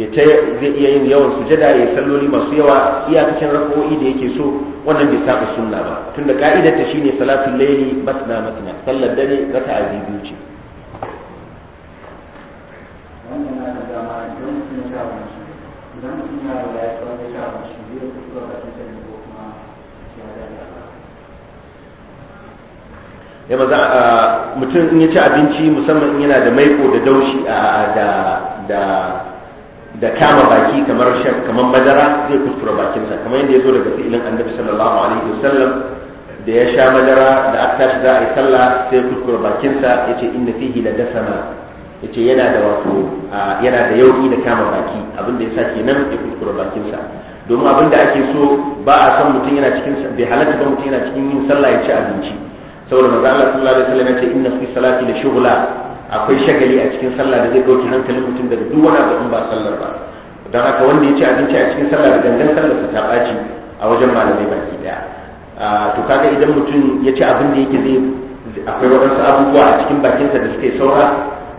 ya ta zai iya yin yawan sujada ya salloli masu yawa iyakacin rak'o'i da yake so wannan bai saba sunna ba tunda ka'idar ta shine salatul layli matna matna sallar dare raka'a biyu ce wannan na da dama don mutum ya idan mutum ya ya maza mutum in ya ci abinci musamman in yana da maiko da daushi da kama baki kamar shan kamar madara zai kuskura bakinsa kamar yadda ya zo daga fi'ilin annabi sallallahu alaihi wasallam da ya sha madara da aka tashi za a yi sallah sai kuskura bakinsa ya ce inna fihi la dasama ya ce yana da wato yana da yauki da kama baki abinda ya sa kenan ya kuskura bakinsa domin abinda ake so ba a san mutum yana cikin bai halatta ba mutum yana cikin yin sallah ya ci abinci saboda maza Allah sallallahu alaihi wasallam yace inna fi salati la shughla akwai shagali a cikin sallah da zai dauki hankalin mutum daga duk wani abu in ba sallar ba dan haka wanda ya ci abinci a cikin sallah da gangan sallar sa ta baci a wajen malamai baki daya to kaga idan mutum ya ci abin da yake zai akwai wadansu abubuwa a cikin bakinsa da suke saura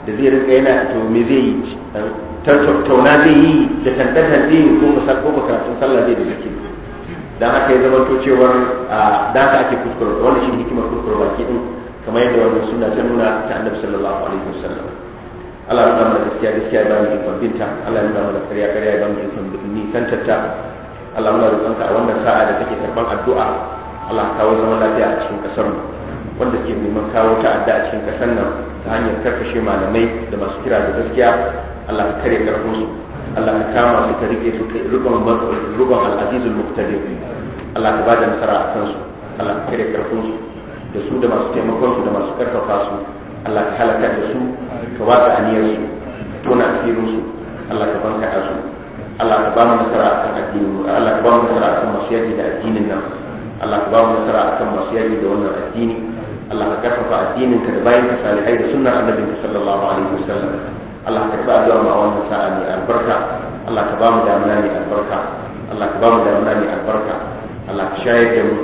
da zai rinka yana to me zai yi tattauna zai yi da tantantan zai yi ko ko karatun sallah zai da zikiri dan haka ya zama to cewar da ta ake kuskure wannan shi hikimar kuskure baki din kamar yadda wannan sunna ta nuna ta annabi sallallahu alaihi wasallam Allah ya nuna gaskiya gaskiya ba mu ikon binta Allah ya nuna mana ƙarya ƙarya ba mu ikon ni kan tatta Allah ya roƙanka a wannan sa'a da take karban addu'a Allah ya kawo zaman lafiya a cikin kasar mu wanda ke neman kawo ta'adda a cikin kasar nan ta hanyar karkashe malamai da masu kira da gaskiya Allah ya kare karfin su Allah ka kama su ka rike su rubon rubon al-azizul muqtadir Allah ka bada nasara a kan su Allah ka kare karfin su da su da masu taimakon su da masu karfafa su Allah ka halaka da su ka watsa aniyar su ka tona asirin su Allah ka banka da su Allah ka ba mu nasara akan addini Allah ka ba mu a kan masu yaki da addinin nan Allah ka ba mu a kan masu yaki da wannan addini Allah ka karfafa addinin ka da bayan ka salihai da sunnar annabinka sallallahu alaihi wasallam Allah ka ba da mu a wannan sa'a mai albarka Allah ka ba mu damuna mai albarka Allah ka ba mu damuna mai albarka Allah ka shayar da mu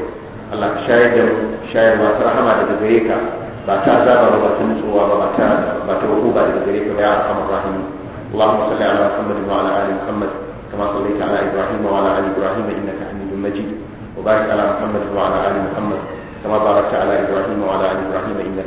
Allah ka shayar da mu shayar ma rahama daga gare ka ba ta azaba ba ba ta nutsuwa ba ba ta ba ta ba daga gare ka ya arhamar rahim اللهم صل على محمد وعلى ال محمد كما صليت على ابراهيم وعلى ال ابراهيم انك حميد مجيد وبارك على محمد وعلى ال محمد كما باركت على ابراهيم وعلى ال ابراهيم انك